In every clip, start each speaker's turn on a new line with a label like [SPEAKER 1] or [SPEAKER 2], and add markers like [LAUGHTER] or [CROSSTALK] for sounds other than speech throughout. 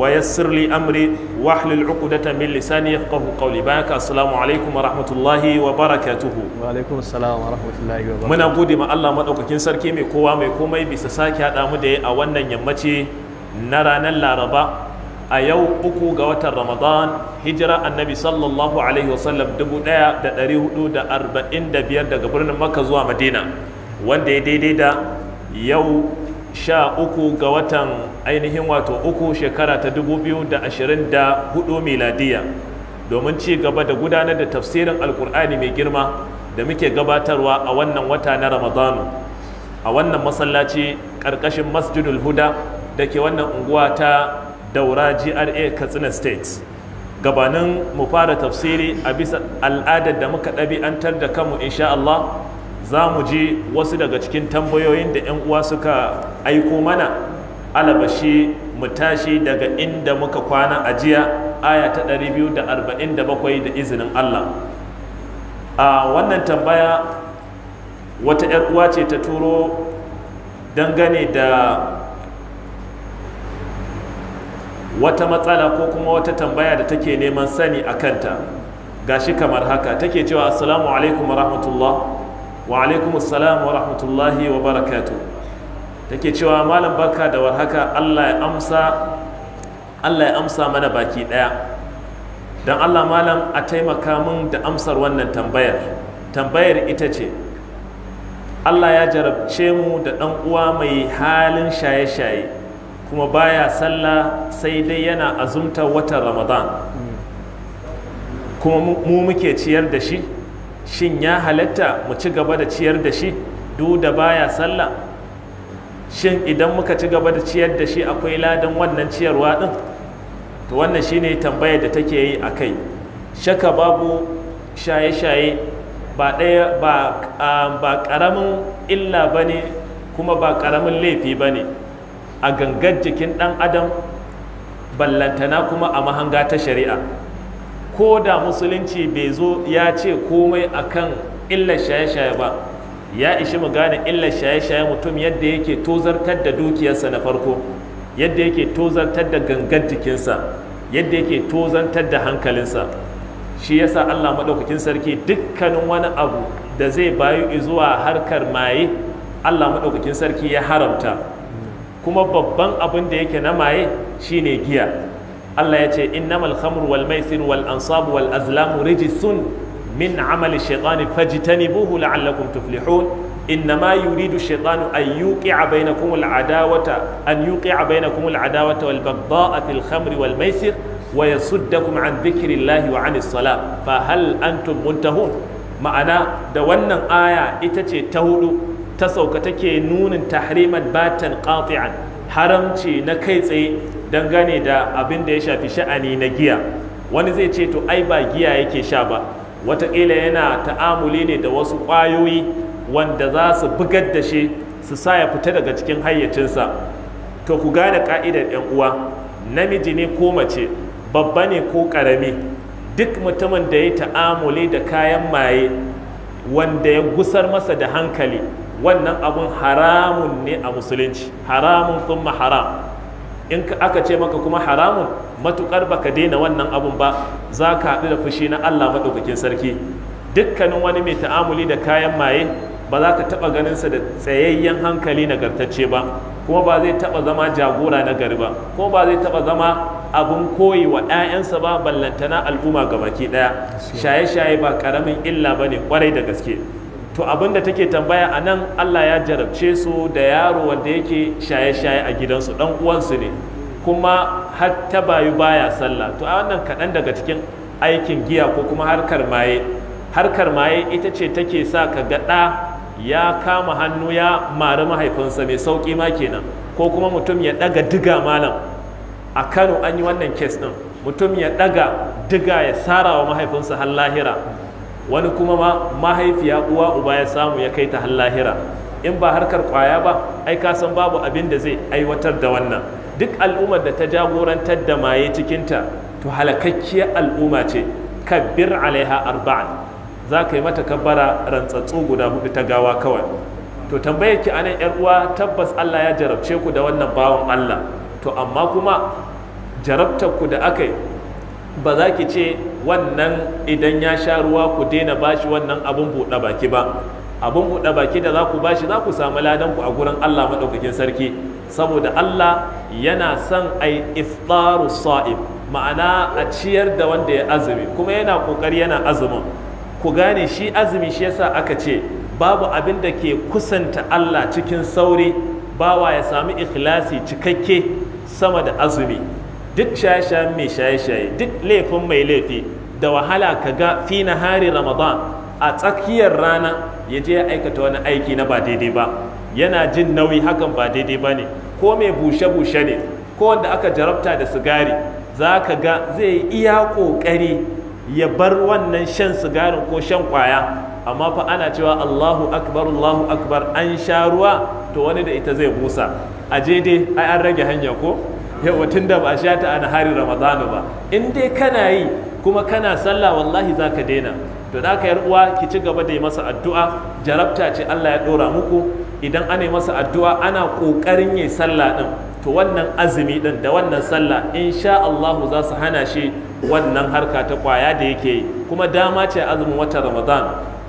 [SPEAKER 1] wa yassir li amri wa hlul 'uqdatan min lisani yafqahu qawli baka assalamu alaikum wa rahmatullahi wa wa barakatuhu muna gode ma Allah madaukakin sarki mai kowa mai komai bisa sake hada mu a wannan yammaci na ranar Laraba a yau uku ga watan Ramadan hijira annabi sallallahu alaihi da biyar daga birnin maka zuwa Madina wanda ya daidai da yau sha uku ga watan ainihin wato uku shekara ta da da ashirin hudu miladiya domin ci gaba da gudanar da tafsirin alkur'ani mai girma da muke gabatarwa a wannan wata na ramadanu a wannan masallaci ƙarƙashin masjidul huda da ke wannan unguwa ta daura gra katsina state gabanin mu fara tafsiri a bisa al'adar da muka ɗabi'antar da kanmu insha Allah za mu ji wasu daga cikin tambayoyin da 'yan uwa suka aiko mana alabashi mu tashi daga inda muka kwana a jiya aya ta 247 da da bakwai izinin Allah a wannan tambaya wata 'yar uwa ce ta turo dangane da wata matsala ko kuma wata tambaya da take neman sani a kanta gashi kamar haka take cewa assalamu alaikum wa rahmatullah wa alaikum assalam wa rahmatullahi wa barakatu take cewa malam barka da warhaka Allah ya amsa Allah ya amsa mana baki daya dan Allah malam a taimaka mun da amsar wannan tambayar tambayar ita ce Allah ya jarabce mu da dan uwa mai halin shaye-shaye kuma baya sallah sai dai yana azumta watan Ramadan kuma mu muke ciyar da shi shin ya halatta mu ci gaba da ciyar da shi duk da baya sallah shin idan muka ci gaba da ciyar da shi akwai ladan wannan ciyarwa din to wannan shine tambaya da take yi a kai shaka babu shaye-shaye ba ɗaya ba ƙaramin illa ba ne kuma ba ƙaramin laifi ba ne a gangar jikin ɗan adam ballantana kuma a mahanga ta shari'a ko da musulunci bai zo ya ce komai akan illar shaye-shaye ba ya ishi mu gane illar shaye-shaye mutum yadda yake tozartar da dukiyarsa na farko yadda yake tozartar da gangan jikinsa yadda yake tozartar da hankalinsa shi yasa Allah maɗaukakin sarki dukkanin wani abu da zai bayu zuwa harkar maye Allah maɗaukakin sarki ya haramta kuma babban abin da yake na maye shine giya Allah ya ce innama khamru wal maisir wal ansabu wal azlamu rijisun min amali shaitani fajtanibuhu la'allakum tuflihun innama yuridu shaitanu an yuqi'a bainakum al adawata an yuqi'a bainakum al adawata wal baghdha'a fil khamri wal maisir wa yasuddakum an dhikrillahi wa anis salat fa hal antum muntahun ma'ana da wannan aya ita ce ta hudu ta sauka take nunin tahriman batan qati'an haramci na kai tsaye dangane da abin da ya shafi sha'ani na giya wani zai ce to ai ba giya yake sha ba wataƙila yana ta'amuli ne da wasu ƙwayoyi wanda za su bugar da shi su sa ya fita daga cikin hayyacinsa to ku gane ka'idar 'yan uwa namiji ne ko mace babba ne ko ƙarami duk mutumin da ya ta'amuli da kayan maye wanda ya gusar masa da hankali wannan abun haramun ne a musulunci haramun kuma haram in aka ce maka kuma haramun matukar baka daina wannan abun ba za ka haɗu da fushi na Allah maɗaukakin sarki dukkanin wani mai ta'amuli da kayan maye ba za ka taɓa sa da tsayayyen hankali nagartacce ba kuma ba zai taɓa zama jagora na gari ba kuma ba zai taɓa zama abun koyi wa 'ya'yansa ba ballantana al'umma ga baki ɗaya shaye-shaye ba ƙaramin illa ba ne ƙwarai da gaske to da take tambaya a nan allah ya jarabce su da yaro wanda yake shaye-shaye a gidansu dan uwansu ne kuma har ta bayu baya sallah to a wannan kaɗan daga cikin aikin giya ko kuma harkar maye harkar maye ita ce take sa ka gaɗa ya kama hannu ya mari mahaifinsa mai sauƙi ma kenan ko kuma mutum ya ɗaga diga malam a kano an yi wannan kes ɗin mutum ya ɗaga diga ya sarawa mahaifinsa har lahira wani kuma ma mahaifiya uwa uba ya samu ya kai ta har lahira in ba harkar kwaya ba ai ka san babu abin da zai aiwatar da wannan duk al'ummar da ta jagorantar da maye cikinta to halakakkiyar al'umma ce kabbir alaiha arba'a za ka yi mata kabbara rantsatsu guda hudu ta gawa kawai to tambayar ki anan yar uwa tabbas Allah ya jarabce ku da wannan bawan Allah to amma kuma jarabtar ku da aka ba za ki ce wannan idan ya sha ruwa ku daina bashi wannan abin buɗe baki ba abin buɗe baki da za ku bashi za ku samu ladan ku a gurin Allah maɗaukakin sarki saboda Allah yana son ai iftaru sa'ib ma'ana a ciyar da wanda ya azumi kuma yana kokari yana azumin ku gane shi azumi shi yasa aka ce babu abin da ke kusanta Allah cikin sauri bawa ya sami ikhlasi cikakke sama da azumi duk shaye-shayen mai shaye-shaye duk laifin mai laifi da wahala ka ga fi na hari ramadan a tsakiyar rana ya je ya aikata wani aiki na ba daidai ba yana jin nauyi hakan ba daidai ba ne ko mai bushe-bushe ne ko wanda aka jarabta da sigari za ka ga zai iya ƙoƙari ya bar wannan shan sigarin ko shan kwaya amma fa ana cewa Allahu akbar Allahu akbar an sha ruwa to wani da ita zai busa a je dai ai an rage hanya ko Yau yawa da ba sha ta an hari ramadanu ba in dai kana yi kuma kana sallah wallahi za ka daina to da ka uwa ki ci gaba da yi masa addu'a jarabta ce Allah ya ɗora muku idan ana yi masa addu'a ana ƙoƙarin yi sallah ɗin to wannan azumi ɗin da wannan sallah sha Allahu za su hana shi wannan harka ta ƙwaya da yake yi kuma dama ce azumin watan Ramadan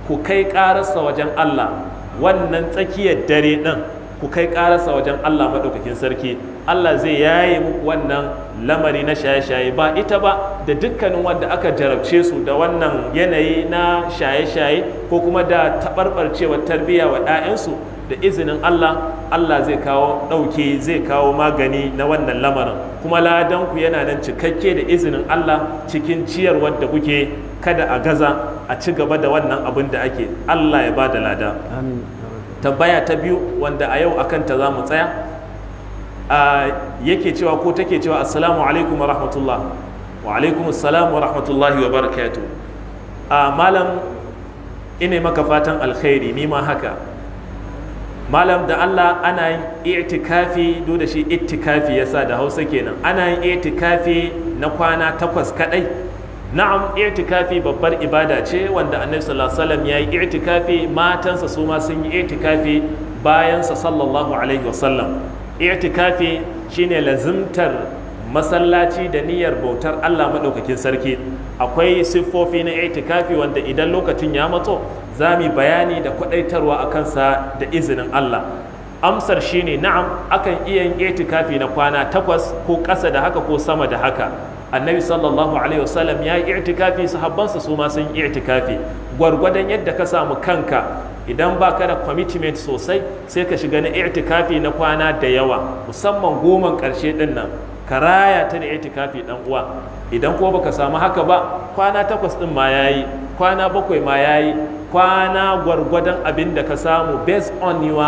[SPEAKER 1] ku kai ƙararsa wajen Allah wannan tsakiyar dare ɗin ku kai ƙararsa wajen Allah maɗaukakin sarki Allah zai yaye muku wannan lamari na shaye-shaye ba ita ba da dukkanin wanda aka jarabce su da wannan yanayi na shaye-shaye ko kuma da taɓarɓarcewar tarbiyya wa 'ya'yansu da izinin Allah Allah zai kawo ɗauke zai kawo magani na wannan lamarin kuma ladanku yana nan cikakke da izinin Allah cikin ciyarwar da kuke kada a gaza a ci gaba da wannan abin da ake Allah ya ba da lada. tambaya ta biyu wanda a yau akan ta za mu tsaya yake cewa ko take cewa assalamu alaikum wa rahmatullah wa alaikum assalam wa rahmatullahi wa barakatu malam ina maka fatan alkhairi ni ma haka malam da Allah ana yin itikafi do da shi itikafi yasa da Hausa kenan ana yin itikafi na kwana takwas kadai na'am i'tikafi babbar ibada ce wanda annabi sallallahu alaihi wasallam yayi i'tikafi matansa su ma sun yi i'tikafi bayansa sallallahu alaihi wasallam i'tikafi shine lazimtar masallaci da niyyar bautar Allah madaukakin sarki akwai siffofi na itikafi wanda idan lokacin ya matso za bayani da kwaɗaitarwa a kansa da izinin Allah amsar shine na'am akan iya yin itikafi na kwana takwas ko ƙasa da haka ko sama da haka annabi sallallahu alaihi wasallam ya yi i'tikafi sahabbansa su ma sun i'tikafi gwargwadon yadda ka samu kanka idan ba ka da commitment sosai sai ka shiga na i'tikafi na kwana da yawa musamman goman karshe din nan ka raya ta da i'tikafi dan uwa idan ko baka samu haka ba kwana takwas din ma yayi kwana bakwai ma yayi kwana gwargwadon abin da ka samu based on your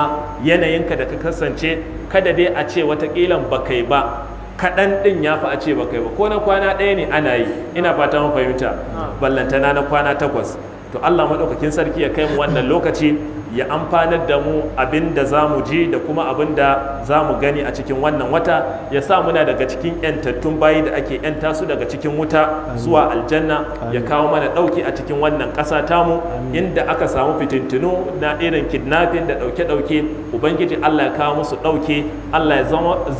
[SPEAKER 1] yanayinka da ka kasance kada dai a ce watakilan ba kai ba kaɗan ɗin ya fi a ce ba kai ba ko na kwana ɗaya ne ana yi ina fata mun fahimta ah. ballantana na kwana takwas to Allah maɗaukakin sarki ya kai mu wannan lokaci ya amfanar da mu abinda da za mu ji da kuma abinda da za mu gani a cikin wannan wata ya sa muna daga cikin 'yantattun bayi da ake 'yanta su daga cikin wuta zuwa aljanna ya kawo mana ɗauki a cikin wannan ƙasa tamu inda aka samu fitintunu na irin kidnapping da ɗauke-ɗauke ubangiji allah ya kawo musu ɗauke allah ya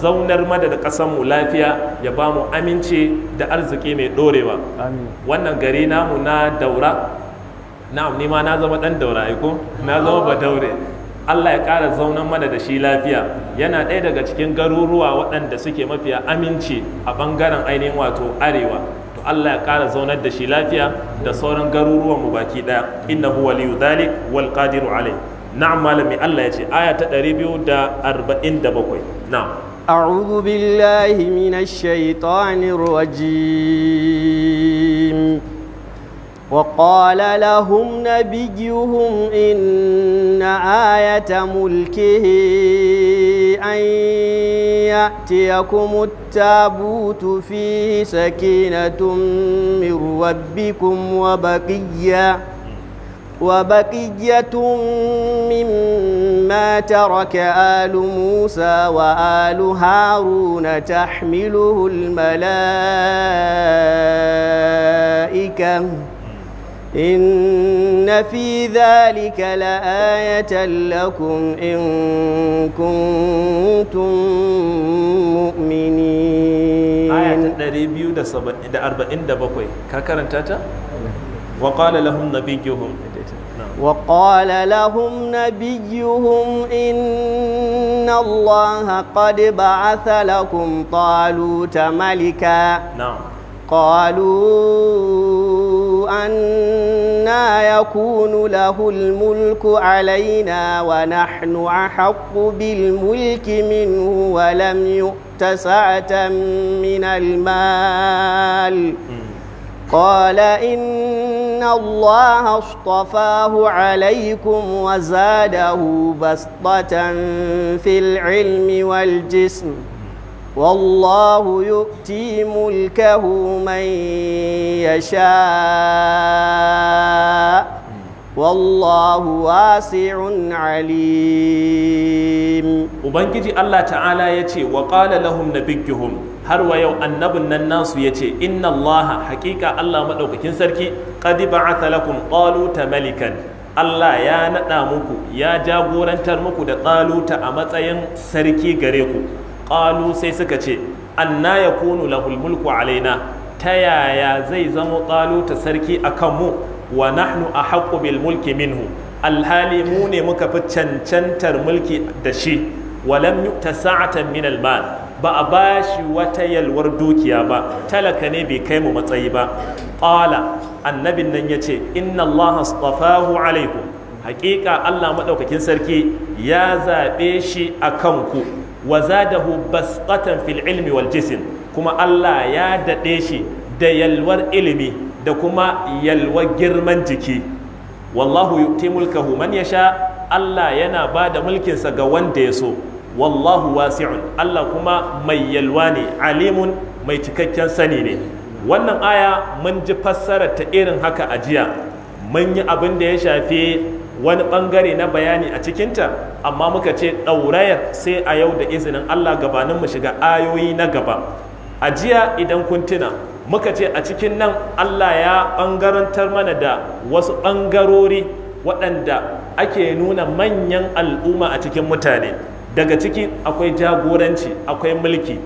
[SPEAKER 1] zaunar mada da mu lafiya ya ba mu aminci da arziki mai ɗorewa wannan gari namu na daura na'am ni ma na zama dan daurayi ko na zama badaure Allah ya kara zaunan mana da shi lafiya yana ɗaya daga cikin garuruwa waɗanda suke mafiya aminci a ɓangaren ainihin wato arewa to Allah ya kara zaunar da shi lafiya da sauran garuruwan mu baki ɗaya inna waliyu dhalik wal qadiru alai na'am malami Allah ya ce aya ta 247 na'am
[SPEAKER 2] أعوذ بالله من الشيطان الرجيم وقال لهم نبيهم إن آية ملكه أن يأتيكم التابوت فيه سكينة من ربكم وبقية وبقية مما ترك آل موسى وآل هارون تحمله الملائكة إن في ذلك لآية لكم إن كنتم مؤمنين آية
[SPEAKER 1] تدريبيو دا سبا دا أربعين دا بقوي كاكرن تاتا وقال لهم نبيهم
[SPEAKER 2] وقال لهم نبيهم إن الله قد بعث لكم طالوت ملكا نعم قالوا أنا يكون له الملك علينا ونحن أحق بالملك منه ولم يؤت سعة من المال قال إن الله اصطفاه عليكم وزاده بسطة في العلم والجسم والله يؤتي ملكه من يشاء والله واسع عليم
[SPEAKER 1] ubangiji Allah ta'ala yace wa لهم lahum har wa yau annabin nan nasu yace inna Allah haƙiƙa Allah maɗaukakin sarki qad ba'atha lakum taluta malikan Allah ya naɗa muku ya jagorantar muku da ƙaluta a matsayin sarki gare ku qalu sai suka ce anna yakunu lahul mulku alaina ta yaya zai zama ta sarki akan mu wa nahnu ahaqqu bil mulki minhu alhali mu ne muka fi cancantar mulki da shi walam yu'ta sa'atan min al mal ba a bashi wata yalwar dukiya ba talaka ne bai kai mu matsayi ba qala annabin nan yace inna allaha astafahu alaikum Haƙiƙa Allah maɗaukakin sarki ya zaɓe shi a kanku wa zadahu basqatan fil ilmi wal jism kuma Allah ya dade shi da yalwar ilimi da kuma yalwar girman jiki wallahu yu'ti mulkahu man yasha Allah yana ba da mulkinsa ga wanda ya so wallahu wasi'un Allah kuma mai yalwa ne alimun mai cikakken sani ne wannan aya mun ji fassara ta irin haka a jiya mun yi abin da ya shafi wani bangare na bayani a cikinta amma muka ce ɗaurayar sai a yau da izinin Allah gabanin mu shiga ayoyi na gaba a jiya idan kun tuna muka ce a cikin nan Allah ya ɓangarantar mana da wasu ɓangarori waɗanda ake nuna manyan al'umma a cikin mutane daga ciki akwai jagoranci akwai mulki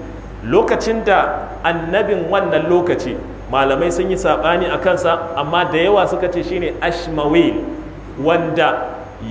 [SPEAKER 1] lokacin da annabin wannan lokaci malamai sun yi saɓani a kansa amma da yawa suka ce shine ashmawil wanda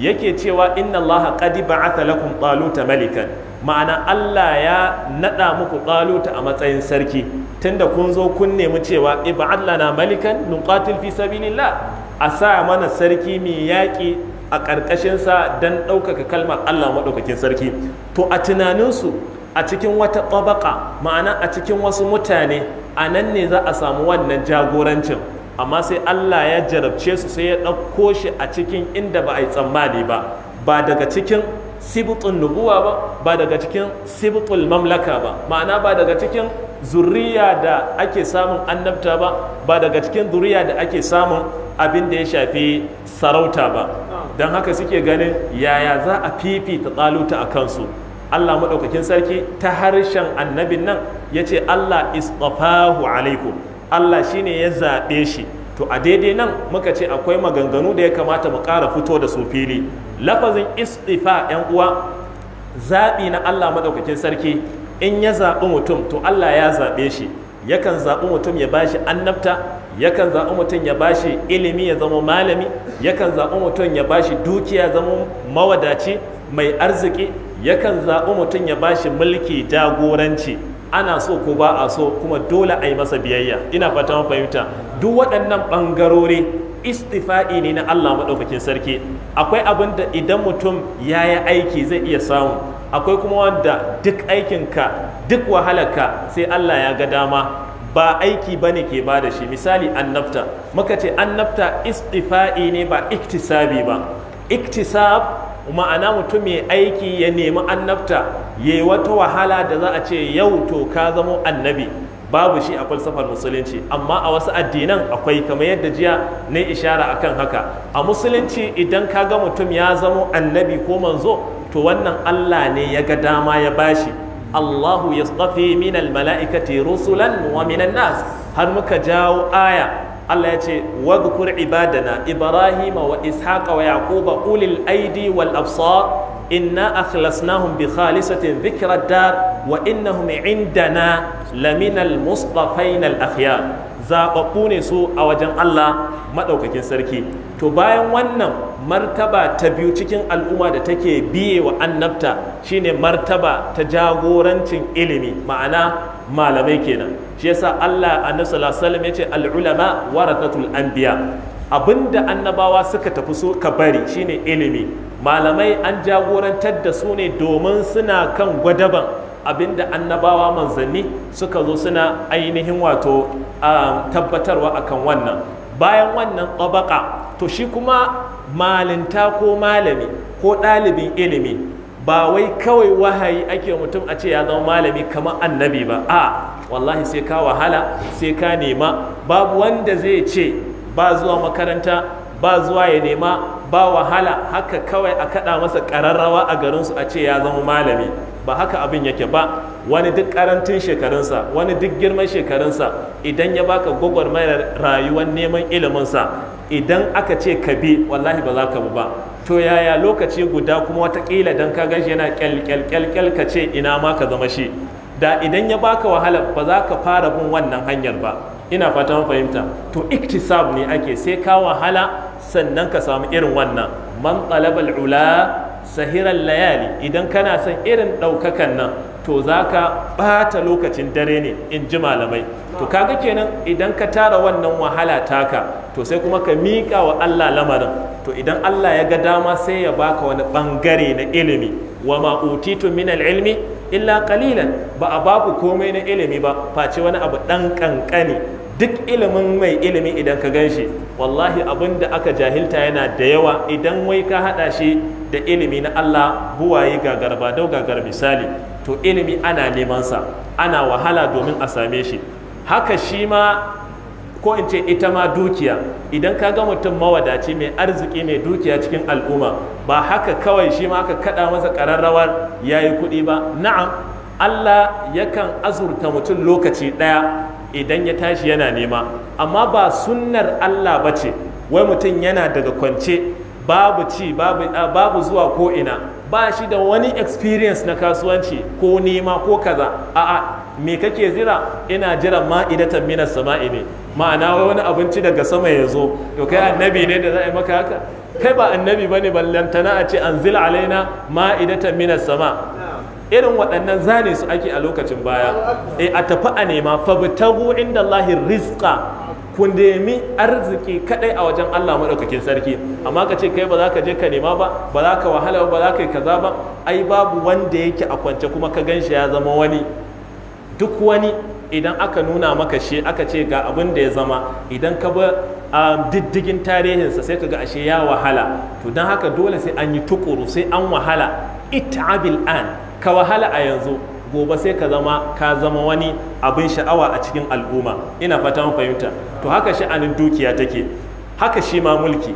[SPEAKER 1] yake cewa inna Allah qad ba'atha lakum taluta malikan ma'ana Allah ya nada muku taluta a matsayin sarki tunda kun zo kun nemi cewa ib'ad lana malikan nuqatil fi sabilillah a sa mana sarki mai yaƙi a ƙarƙashin sa dan ɗaukaka kalmar Allah maɗaukakin sarki to a tunaninsu a cikin wata tabaka ma'ana a cikin wasu mutane a nan ne za a samu wannan jagorancin amma sai Allah ya jarabce su sai ya ɗauko shi a cikin inda ba a yi tsammani ba ba daga cikin sibutun nubuwa ba ba daga cikin sibutul mamlaka ba ma'ana ba daga cikin zuriya da ake samun annabta ba ba daga cikin zuriya da ake samun abin da ya shafi sarauta ba don haka suke ganin yaya za a fifita tsaluta a kansu Allah maɗaukakin sarki ta harshen annabin nan ya ce Allah istafahu alaikum Allah shi ne ya zaɓe shi to a daidai nan muka ce akwai maganganu da ya kamata mu ƙara fito da su fili lafazin istifa yan uwa zaɓi na Allah maɗaukakin sarki in ya zaɓi mutum to Allah ya zaɓe shi yakan zaɓi mutum ya ba shi annabta yakan zaɓi mutum ya ba shi ilimi ya zama malami yakan zaɓi mutum ya ba shi dukiya zama mawadaci mai arziki yakan zaɓi mutum ya ba shi mulki jagoranci ana so ko ba a so kuma dole a yi masa biyayya ina fata fahimta duk waɗannan ɓangarori istifa'i ne na Allah maɗaukakin sarki akwai abin da idan mutum ya yi aiki zai iya samu akwai kuma wanda duk aikinka duk wahalarka sai Allah ya ga dama ba aiki ba ne ke bada shi misali annabta muka ce annabta istifa'i ne ba iktisabi ba iktisab ma'ana mutum mai aiki ya nemi annabta ya yi wata wahala da za a ce yau to ka zamo annabi babu shi a falsafar musulunci amma a wasu addinan akwai kamar yadda jiya na ishara a kan haka a musulunci idan ka ga mutum ya zamo annabi ko manzo to wannan allah ne ya ga dama ya bashi allahu ya tsafi minal mala'ikati rusulan wa minan nas har muka jawo aya Allah ya ce wadkur ibadana ibrahima wa ishaqa wa yaquba ulil aidi wal absar inna akhlasnahum bi khalisatin dhikra dar wa innahum indana laminal mustafain al akhyar zababbu ne su a wajen Allah madaukakin sarki to bayan wannan martaba ta biyu cikin al'umma da take biye wa annabta shine martaba ta jagorancin ilimi ma'ana malamai kenan shi yasa Allah annabi sallallahu alaihi wasallam yace al-ulama warathatul anbiya abinda annabawa suka tafi so ka bari shine ilimi malamai an jagorantar da su ne domin suna kan gwadaban abinda annabawa manzanni suka zo suna ainihin wato ah, tabbatarwa akan wannan bayan wannan tsabaka to shi
[SPEAKER 2] kuma
[SPEAKER 1] malinta ko malami ko ɗalibin ilimi ba wai kawai wahayi ake mutum a ce ya zama malami kamar annabi ba a wallahi sai ka wahala sai ka nema babu wanda zai ce ba zuwa makaranta ba zuwa ya nema ba wahala haka kawai a kaɗa masa ƙararrawa a garinsu a ce ya zama malami ba haka abin yake ba wani duk karantun shekarunsa wani duk girman shekarunsa idan ya baka mai rayuwar neman iliminsa idan aka ce ka bi wallahi ba za ka bi ba to yaya lokaci guda kuma watakila don ka gashi yana kyalkyalkyalkyal ka ce ina ma ka zama shi da idan ya baka wahala ba za ka fara bin wannan hanyar ba ina fatan fahimta to iktisab ne ake sai ka wahala sannan ka samu irin wannan man talabal ula sahiran layali idan kana son irin ɗaukakan nan to za ka ɓata lokacin dare ne in ji malamai to kaga kenan idan ka tara wannan wahala taka to sai kuma ka miƙa wa Allah lamarin to idan Allah ya ga dama sai ya baka wani ɓangare na ilimi wa ma utitu min ilmi illa ƙalilan ba a baku komai na ilimi ba face wani abu ɗan ƙanƙani duk ilimin mai ilimi idan ka gan shi wallahi abin da aka jahilta yana da yawa idan wai ka haɗa shi da ilimi na Allah buwaye gagar ba dau gagar misali to ilimi ana neman sa ana wahala domin a same shi haka shi ma ko in ce ita ma dukiya idan ka ga mutum mawadaci mai arziki mai dukiya cikin al'umma ba haka kawai shi ma aka kaɗa masa ƙararrawar ya yi kuɗi ba na'am Allah yakan azurta mutum lokaci ɗaya idan ya tashi yana nema amma ba sunnar Allah ba ce wai mutum yana daga kwance babu ci babu zuwa ko ina ba shi da wani experience na kasuwanci ko nema ko kaza a'a me kake jira ina jira ma'idatan minas sama'i ne ma'ana wani abinci daga sama ya zo to kai annabi ne da za a yi maka haka kai ba annabi bane ballantana a ce anzil alaina ma'idatan minas sama irin waɗannan zane su ake a lokacin baya e a tafi a nema fabtahu inda Allah rizqa ku nemi arziki kaɗai a wajen Allah maɗaukakin sarki amma ka ce kai ba za ka je ka nema ba ba za ka wahala ba za ka yi kaza ba ai babu wanda yake a kwance kuma ka gan shi ya zama wani duk wani idan aka nuna maka shi aka ce ga abin da ya zama idan ka ba diddigin tarihinsa sai ka ga ashe ya wahala to don haka dole sai an yi tukuru sai an wahala it'abil an ka wahala a yanzu gobe sai ka zama ka zama wani abin sha'awa a cikin al'umma ina fata fahimta to haka sha'anin dukiya take haka shi ma mulki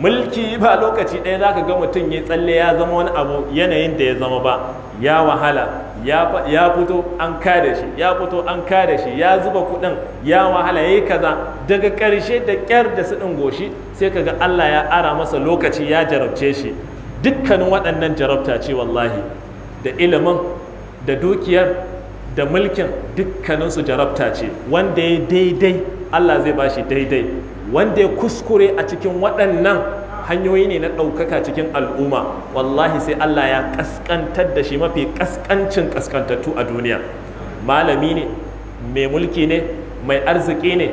[SPEAKER 1] mulki ba lokaci ɗaya za ka ga mutum ya tsalle ya zama wani abu yanayin da ya zama ba ya wahala ya fito an kada shi ya fito an kada shi ya zuba kuɗin ya wahala ya yi kaza daga ƙarshe da ƙyar da su ɗin goshi sai ka ga Allah ya ara masa lokaci ya jarabce shi dukkanin waɗannan jarabta ce wallahi da ilimin da dukiyar da mulkin dukkaninsu jarabta ce wanda ya daidai Allah zai ba shi daidai wanda ya kuskure a cikin waɗannan hanyoyi ne na ɗaukaka cikin al'umma wallahi sai Allah ya ƙasƙantar da shi mafi ƙasƙancin ƙasƙantattu a duniya malami ne mai mulki ne mai arziki ne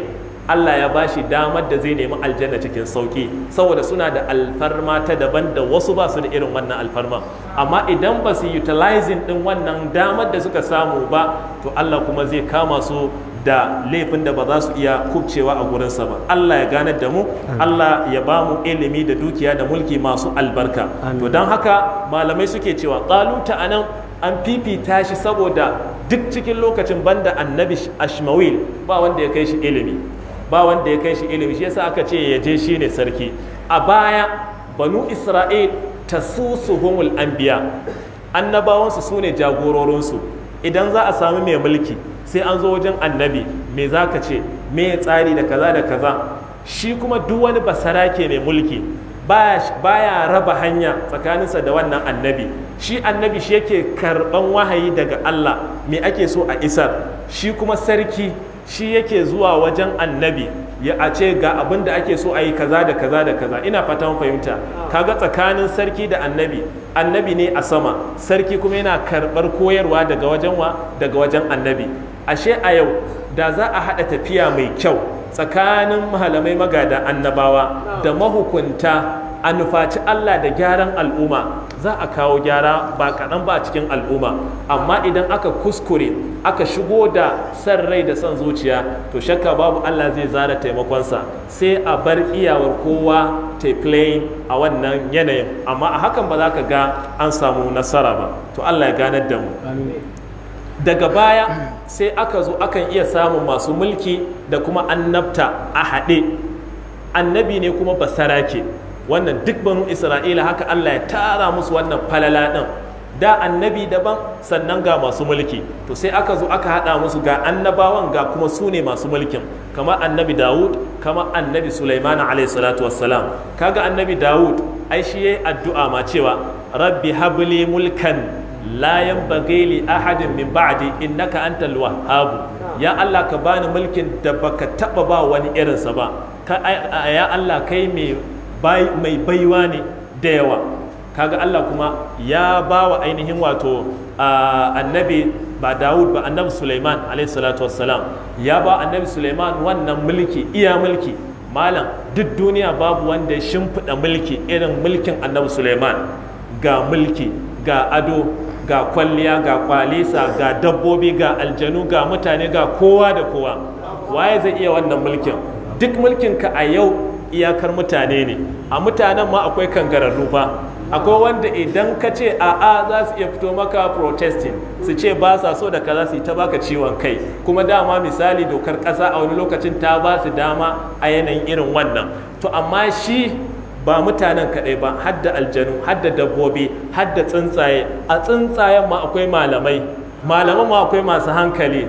[SPEAKER 1] Allah ya ba shi damar da zai nemi aljanna cikin sauki saboda suna da alfarma ta daban da wasu ba su da irin wannan alfarma amma idan ba su utilizing din wannan damar da suka samu ba to Allah kuma zai kama su da laifin da ba za su iya kubcewa a gurinsa ba Allah ya gane da mu Allah ya ba mu ilimi da dukiya da mulki masu albarka to don haka malamai suke cewa ƙaluta anan an fifita shi saboda duk cikin lokacin banda annabi ashmawil ba wanda ya kai shi ilimi ba wanda ya kai shi ilimi shi yasa aka ce ya je shi ne sarki a baya banu isra'il tasusuhumul anbiya annabawansu su ne jagororinsu idan za a sami mai mulki sai an zo wajen annabi me za ka ce me tsari da kaza da kaza shi kuma duk wani basarake mai mulki baya raba hanya tsakaninsa da wannan annabi shi annabi shi yake karban wahayi daga Allah me ake so a isar shi kuma sarki shi yake zuwa wajen annabi ya a ce ga abin da ake so a yi kaza da kaza da kaza ina fatan fahimta kaga tsakanin sarki da annabi annabi ne a sama sarki kuma yana karɓar koyarwa daga wajen wa daga wajen annabi ashe a yau da za a haɗa tafiya mai kyau tsakanin malamai magada annabawa da mahukunta a nufaci Allah da gyaran al'umma za a kawo gyara ba kaɗan ba a cikin al'umma amma idan aka kuskure aka shigo da san rai da san zuciya to shakka babu Allah zai zara taimakonsa sai a bar iyawar kowa ta playing a wannan yanayin amma a hakan ba za ka ga an samu nasara ba to Allah ya ganar da mu daga baya sai aka zo akan iya samun masu mulki da kuma annabta a haɗe annabi ne kuma basara ke. wannan duk banu isra'ila haka allah ya tara musu wannan falala ɗin da annabi daban sannan ga masu mulki to sai aka zo aka haɗa musu ga annabawan ga kuma su ne masu mulkin kama annabi dawud kama annabi sulaiman alayhi salatu wassalam kaga annabi dawud ai shi yayi addu'a ma cewa rabbi habli mulkan la yanbaghi li ahadin min ba'di innaka antal wahhab ya allah ka bani mulkin da baka taba ba wani irinsa ba ya allah kai mai mai baiwa ne da yawa kaga Allah kuma ya ba wa ainihin wato annabi ba Dawud ba annabi Sulaiman alayhi salatu wassalam ya ba annabi Sulaiman wannan mulki iya mulki malam duk duniya babu wanda ya shimfiɗa mulki irin mulkin annabi Sulaiman ga mulki ga ado ga kwalliya ga kwalisa ga dabbobi ga aljanu ga mutane ga kowa da kowa waye zai iya wannan mulkin duk mulkin ka a yau iyakar mutane ne a mutanen ma akwai kangararru ba akwai wanda idan ka ce a'a za su iya fito maka protesting su ce ba sa so da kaza su yi ta baka ciwon kai kuma dama misali dokar ƙasa a wani lokacin ta ba su dama a yanayin irin wannan to amma shi ba mutanen kaɗai ba hadda aljanu hadda dabbobi hadda tsuntsaye a tsuntsayen ma akwai malamai malaman ma akwai masu hankali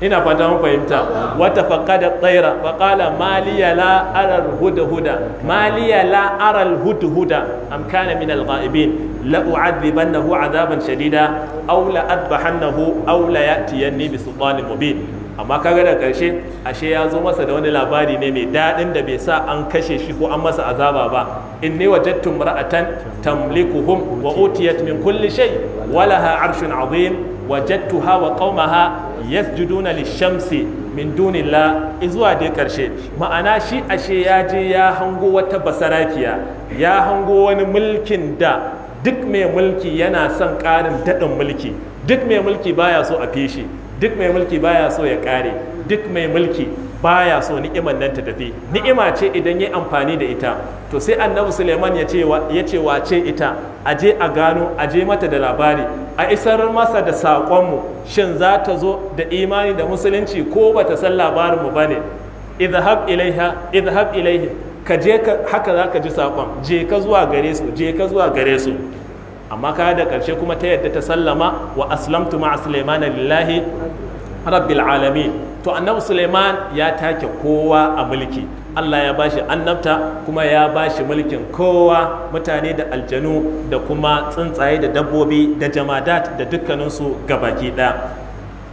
[SPEAKER 1] ina fata mun fahimta wata faqada tsaira faqala maliya la aral huda huda maliya la aral huda huda am kana min al ghaibin la u'adhibannahu adaban shadida aw la adbahannahu aw la ya'tiyanni bi sultanin mubin amma kaga da ƙarshe ashe ya zo masa da wani labari ne mai daɗin da bai sa an kashe shi ko an masa azaba ba in ne wajattum ra'atan tamlikuhum wa utiyat min kulli shay wa laha arshun azim wajattuha wa qaumaha yasjuduna lishamsi min dunillah izuwa dai karshe ma'ana shi ashe ya je ya hango wata basarakiya ya hango wani mulkin da duk mai mulki yana son ƙarin daɗin mulki duk mai mulki baya so a feshi duk mai mulki baya so ya kare duk mai mulki baya so ni'imar nan ta tafi ni'ima ce idan ya amfani da ita to sai annabi suleiman ya ce wace ita a je a gano a je mata da labari a isar masa da saƙonmu shin za ta zo da imani da musulunci ko ba ta san labarinmu ba ne idhab ilaiha idhab ilaihi ka je haka za ka ji saƙon je ka zuwa gare su je ka zuwa gare su amma ka da ƙarshe kuma ta yadda ta sallama wa aslamtu ma Sulaiman lillahi rabbil alamin to annabi Sulaiman ya take kowa a mulki Allah ya bashi annabta kuma ya bashi mulkin kowa mutane da aljanu da kuma tsuntsaye da dabbobi da jamadat da dukkaninsu gabaki ɗaya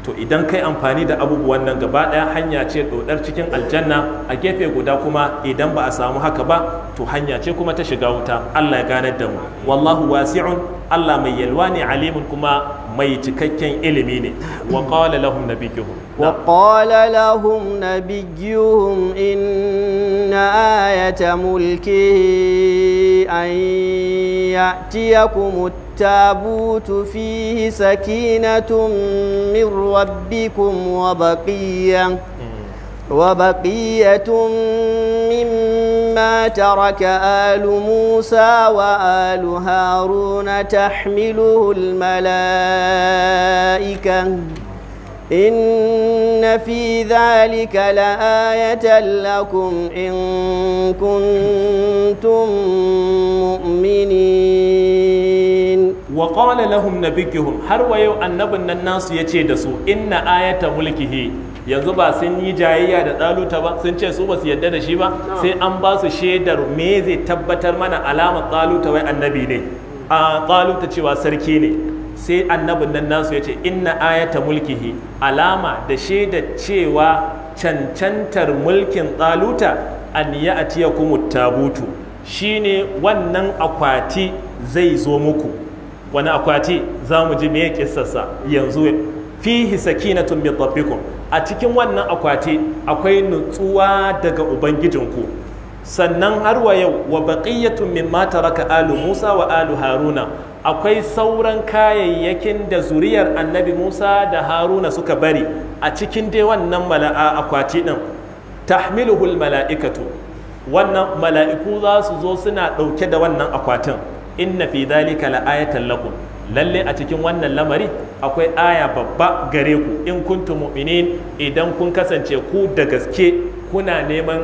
[SPEAKER 1] to idan kai amfani da abubuwan nan gaba ɗaya hanya ce dodar cikin aljanna a gefe guda kuma idan ba a samu haka ba to hanya ce kuma ta shiga wuta Allah ya ganar da mu wallahu wasi'un Allah mai yalwa ne alimin kuma mai cikakken ilimi ne wa qala lahum nabiyuhum
[SPEAKER 2] wa qala lahum nabiyuhum inna ayata mulkihi an ya'tiyakum التابوت فيه سكينة من ربكم وبقية وبقية مما ترك آل موسى وآل هارون تحمله الملائكة إن في ذلك لآية لكم إن كنتم مؤمنين
[SPEAKER 1] wa qala lahum nabiyuhum har wa yau annabin nan nasu yace da su inna ayata mulkihi yanzu ba sun yi jayayya da tsaluta ba sun ce su ba su yadda da shi ba sai an ba su shaidar me zai tabbatar mana alamar ɗaluta wai annabi ne a ɗaluta cewa sarki ne sai annabin nan nasu ya ce inna ayata mulkihi alama da shaidar cewa cancantar mulkin ɗaluta an ya atiya kuma tabutu shine wannan akwati zai zo muku wani akwati za mu ji meye kissarsa yanzu fihi sakinatun min rabbikum a cikin wannan akwati akwai nutsuwa daga ubangijinku sannan har wa yau wa baqiyatun mimma taraka alu Musa wa alu Haruna akwai sauran kayayyakin da zuriyar Annabi Musa da Haruna suka bari a cikin dai wannan mala'a akwati din tahmiluhul mala'ikatu wannan mala'iku za su zo suna ɗauke da wannan akwatin inna fi la ayatan lakum lalle a cikin wannan lamari akwai aya babba gare ku in kuntum mu'minin idan kun kasance ku da gaske kuna neman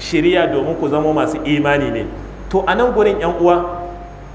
[SPEAKER 1] shiriya domin ku zama masu imani ne to a nan gurin yan uwa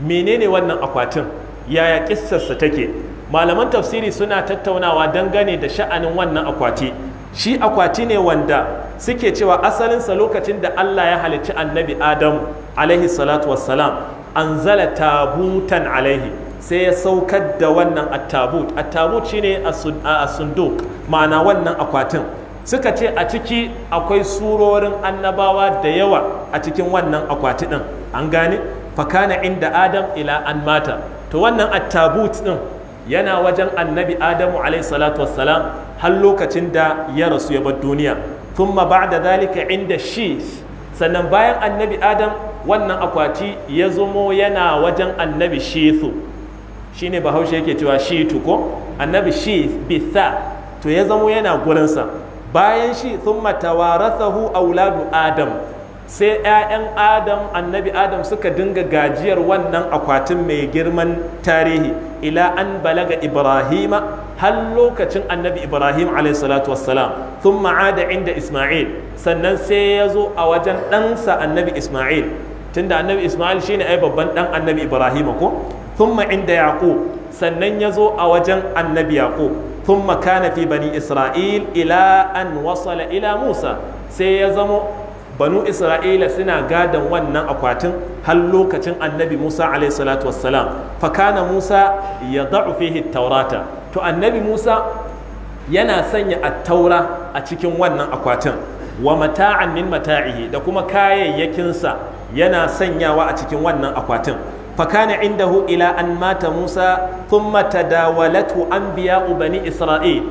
[SPEAKER 1] menene wannan akwatin yaya kissarsa take malaman tafsiri suna tattaunawa dangane da sha'anin wannan akwati shi akwati ne wanda suke cewa asalinsa lokacin da Allah ya halicci annabi Adamu alaihi salatu wassalam an zala tabutan alaihi sai ya saukar da wannan attabut attabut shine a sunduk ma'ana wannan akwatin suka ce a ciki akwai surorin annabawa da yawa a cikin wannan akwati din an gane fakana inda adam ila an mata to wannan attabut din yana wajen annabi adamu alaihi wassalam har lokacin da ya rasu ya bar duniya thumma ba'da dalika inda shi sannan bayan annabi adam wannan akwati ya zomo yana wajen annabi shethu shine bahaushe yake cewa shetu ko annabi sheth bitha to ya zamo yana gurinsa bayan shi sun rasahu auladu adam sai 'ya'yan adam annabi adam suka dinga gajiyar wannan akwatin mai girman tarihi ila an balaga ibrahima har lokacin annabi ibrahim salatu wassalam sun ma'ada inda isma'il sannan sai ya zo a wajen ɗansa annabi isma'il tunda annabi isma'il shine ai babban ɗan annabi ibrahima ko thumma inda yaqub sannan ya zo a wajen annabi yaqub thumma kana fi bani isra'il ila an wasala ila musa sai ya zamo banu isra'ila suna gadon wannan akwatin har lokacin annabi musa alaihi salatu wassalam fakana musa ya da'u fihi taurata to annabi musa yana sanya attaura a cikin wannan akwatin wa mata'an min mata'ihi da kuma kayayyakinsa yana sanyawa a cikin wannan akwatin fakana عنده إلى أن مات موسى ثم تداولته أنبياء bani Isra'il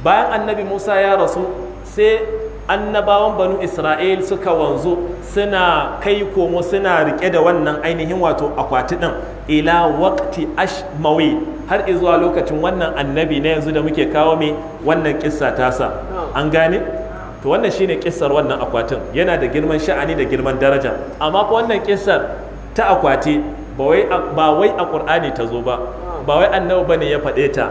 [SPEAKER 1] bayan annabi Musa ya rasu sai. annabawan banu isra'il suka wanzu suna kai komo suna rike da wannan ainihin wato akwati ɗin ila waqti ashmawi har zuwa lokacin wannan annabi na yanzu da muke kawo mai wannan kissa tasa an gane to wannan shine kissar wannan akwatin yana da girman sha'ani da girman daraja amma ko wannan kissar ta akwati ba wai a qur'ani ta zo ba ba wai annabi bane ya faɗe ta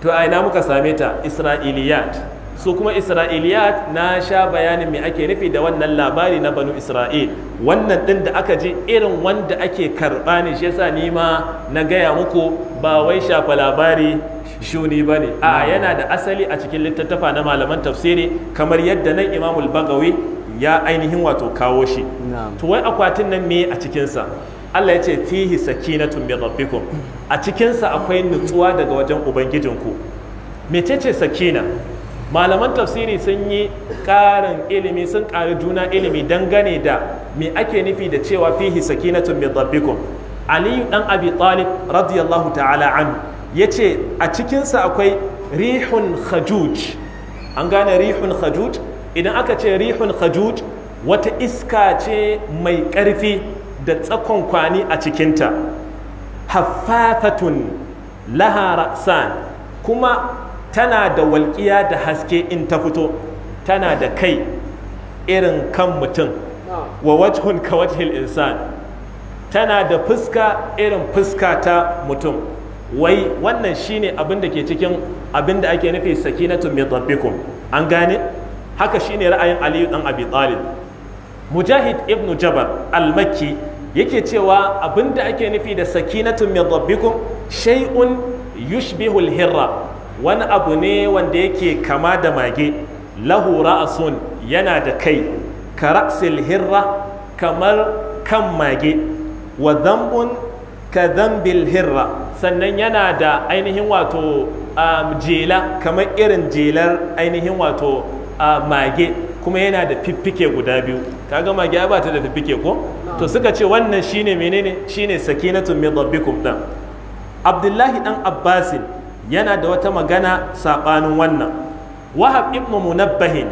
[SPEAKER 1] to a ina muka same ta isra'iliyat su kuma isra'iliyat na sha bayanin me ake nufi da wannan labari na banu isra'il wannan din da aka ji irin wanda ake karɓa ne shi yasa ni ma na gaya muku ba wai shafa labari shuni ba ne a yana da asali a cikin littattafa na malaman tafsiri kamar yadda nan imamul bagawi ya ainihin wato kawo shi to wai akwatin nan me a cikinsa Allah ya ce fihi sakinatun min rabbikum a cikinsa akwai nutsuwa daga wajen ubangijinku mecece sakina malaman tafsiri sun yi ƙarin ilimi sun ƙari juna ilimi dangane da me ake nufi da cewa fihi sakinatun min rabbikum aliyu dan abi talib radiyallahu ta'ala an yace a cikinsa akwai rihun khajuj an gane rihun khajuj idan aka ce rihun khajuj wata iska ce mai ƙarfi da tsakon kwani a cikinta haffafatun laha ra'san kuma tana da walƙiya da haske in ta fito tana da kai irin kan mutum wa wajhun ka wajhil insan tana da fuska irin fuska ta mutum wai wannan shine abin da ke cikin abin da ake nufi sakinatun min rabbikum an gane haka shine ra'ayin aliyu dan abi talib mujahid ibn jabar al-makki yake cewa abin da ake nufi da sakinatu min rabbikum shay'un yushbihul hirra wani abu ne wanda yake kama da mage lahu ra'asun yana da kai ka ra'sil hirra kamar kan mage wa zambun ka zambil hirra sannan yana da ainihin wato jela kamar irin jelar ainihin wato mage kuma yana da fiffike guda biyu kaga mage ba ta da fiffike ko to suka ce wannan shine menene shine sakinatun min rabbikum dan abdullahi dan abbasin yana da wata magana saɓanin wannan wahab ibn munabbahin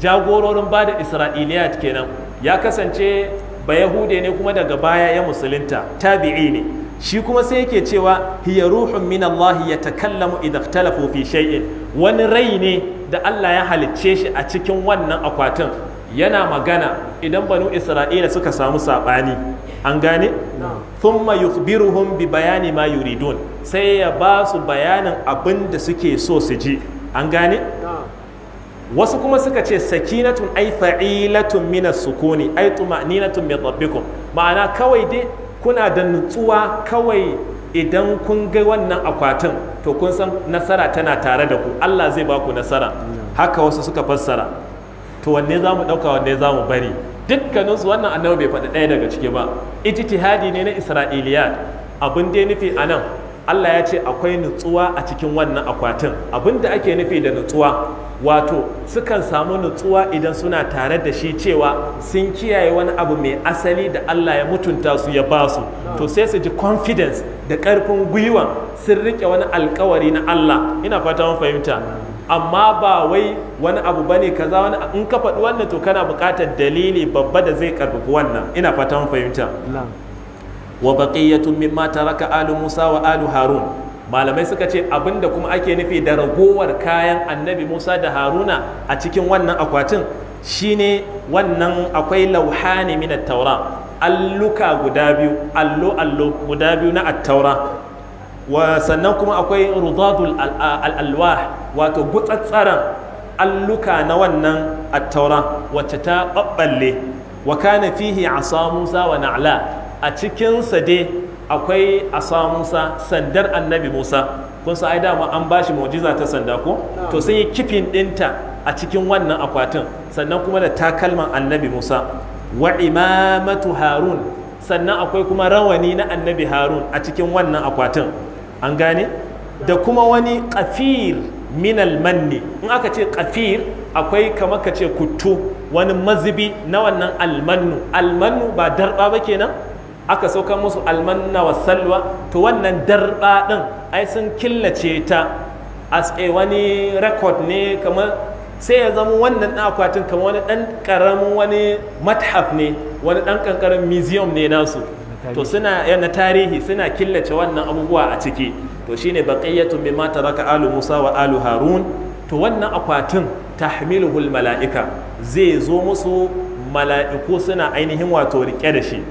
[SPEAKER 1] jagororin ba da isra'iliyat kenan ya kasance ba yahude ne kuma daga baya ya musulunta tabi'i ne shi kuma sai yake cewa hiya ruhun min Allah ya takallamu idan talafu fi shay'in wani rai ne da Allah ya halicce shi a cikin wannan akwatin yana magana idan banu isra'ila suka samu saɓani an gane thumma yukhbiruhum bi bayani ma yuridun sai ya ba su bayanin abin da suke so su ji an gane wasu kuma suka ce sakinatun ai fa'ilatun su sukuni ai tuma'ninatun min rabbikum ma'ana kawai dai kuna da nutsuwa kawai idan kun ga wannan akwatin to kun san nasara tana tare da ku Allah zai ba ku nasara haka wasu suka fassara to wanne za mu ɗauka wanne za mu bari dukkaninsu wannan annabi bai faɗi ɗaya daga ciki ba ijtihadi ne na isra'iliya abin da nufi a nan allah ya ce akwai nutsuwa a cikin wannan akwatin abin da ake nufi da nutsuwa wato sukan samu nutsuwa idan suna tare da shi cewa sun kiyaye wani abu mai asali da allah ya mutunta su ya ba su to sai su ji confidence da ƙarfin gwiwa sun rike wani alkawari na allah ina fata fahimta amma ba wai wani abu bane kaza wani in ka faɗi wannan to kana buƙatar dalili babba da zai karɓi wannan ina fatan fahimta wa baqiyatun mimma raka alu musa wa alu harun malamai suka ce abinda kuma ake nufi da ragowar kayan annabi musa da haruna a cikin wannan akwatin shine wannan akwai lauhani min taura alluka guda biyu allo allo guda biyu na attaura wa sannan kuma akwai rudadul al'alwa wato gutsattsaran alluka na wannan attaura wacce ta ɓaɓɓalle wa kana fihi asa musa wa na'la a cikinsa dai akwai asa musa sandar annabi musa kun sa ai dama an bashi mu'jiza ta sanda ko to kifin ɗinta a cikin wannan akwatin sannan kuma da takalman annabi musa wa imamatu harun sannan akwai kuma rawani na annabi harun a cikin wannan akwatin an gane da kuma wani kafir minal almanni in aka ce kafir akwai kamar ka ce kuttu wani mazubi na wannan almannu almannu ba darba ba kenan aka sauka musu almanna wa salwa to wannan darba din ai sun killace ta as a wani record ne kamar sai ya zama wannan ɗan akwatin kamar wani ɗan ƙaramin wani mathaf ne wani ɗan ƙanƙarin museum ne nasu to suna na tarihi suna killace wannan abubuwa a ciki to shine baqiyatun bima taraka alu Musa wa alu Harun to wannan akwatin tahmiluhul mala'ika zai zo musu mala'iku suna ainihin wato rike da shi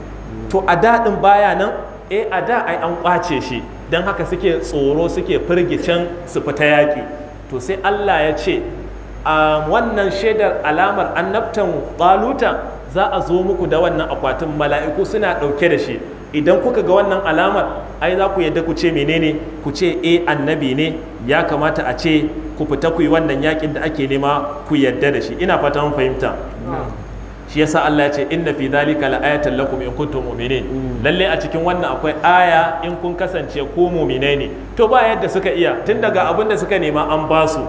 [SPEAKER 1] to a daɗin baya nan eh a da ai an kwace shi dan haka suke tsoro suke firgicen su fita yaƙi to sai Allah ya ce wannan shaidar alamar annabtan ƙalutan za a zo muku da wannan akwatin mala'iku suna ɗauke da shi idan kuka ga wannan alamar ai za ku yadda ku ce menene ku ce e annabi ne ya kamata a ce ku fita ku yi wannan yakin da ake nema ku yadda da shi ina fata mun fahimta shi yasa Allah ya ce inna fi dhalika ayatan lakum in kuntum mu'minin lalle a cikin wannan akwai aya in kun kasance ko mu'minai ne to ba yadda suka iya tun daga abin da suka nema an ba su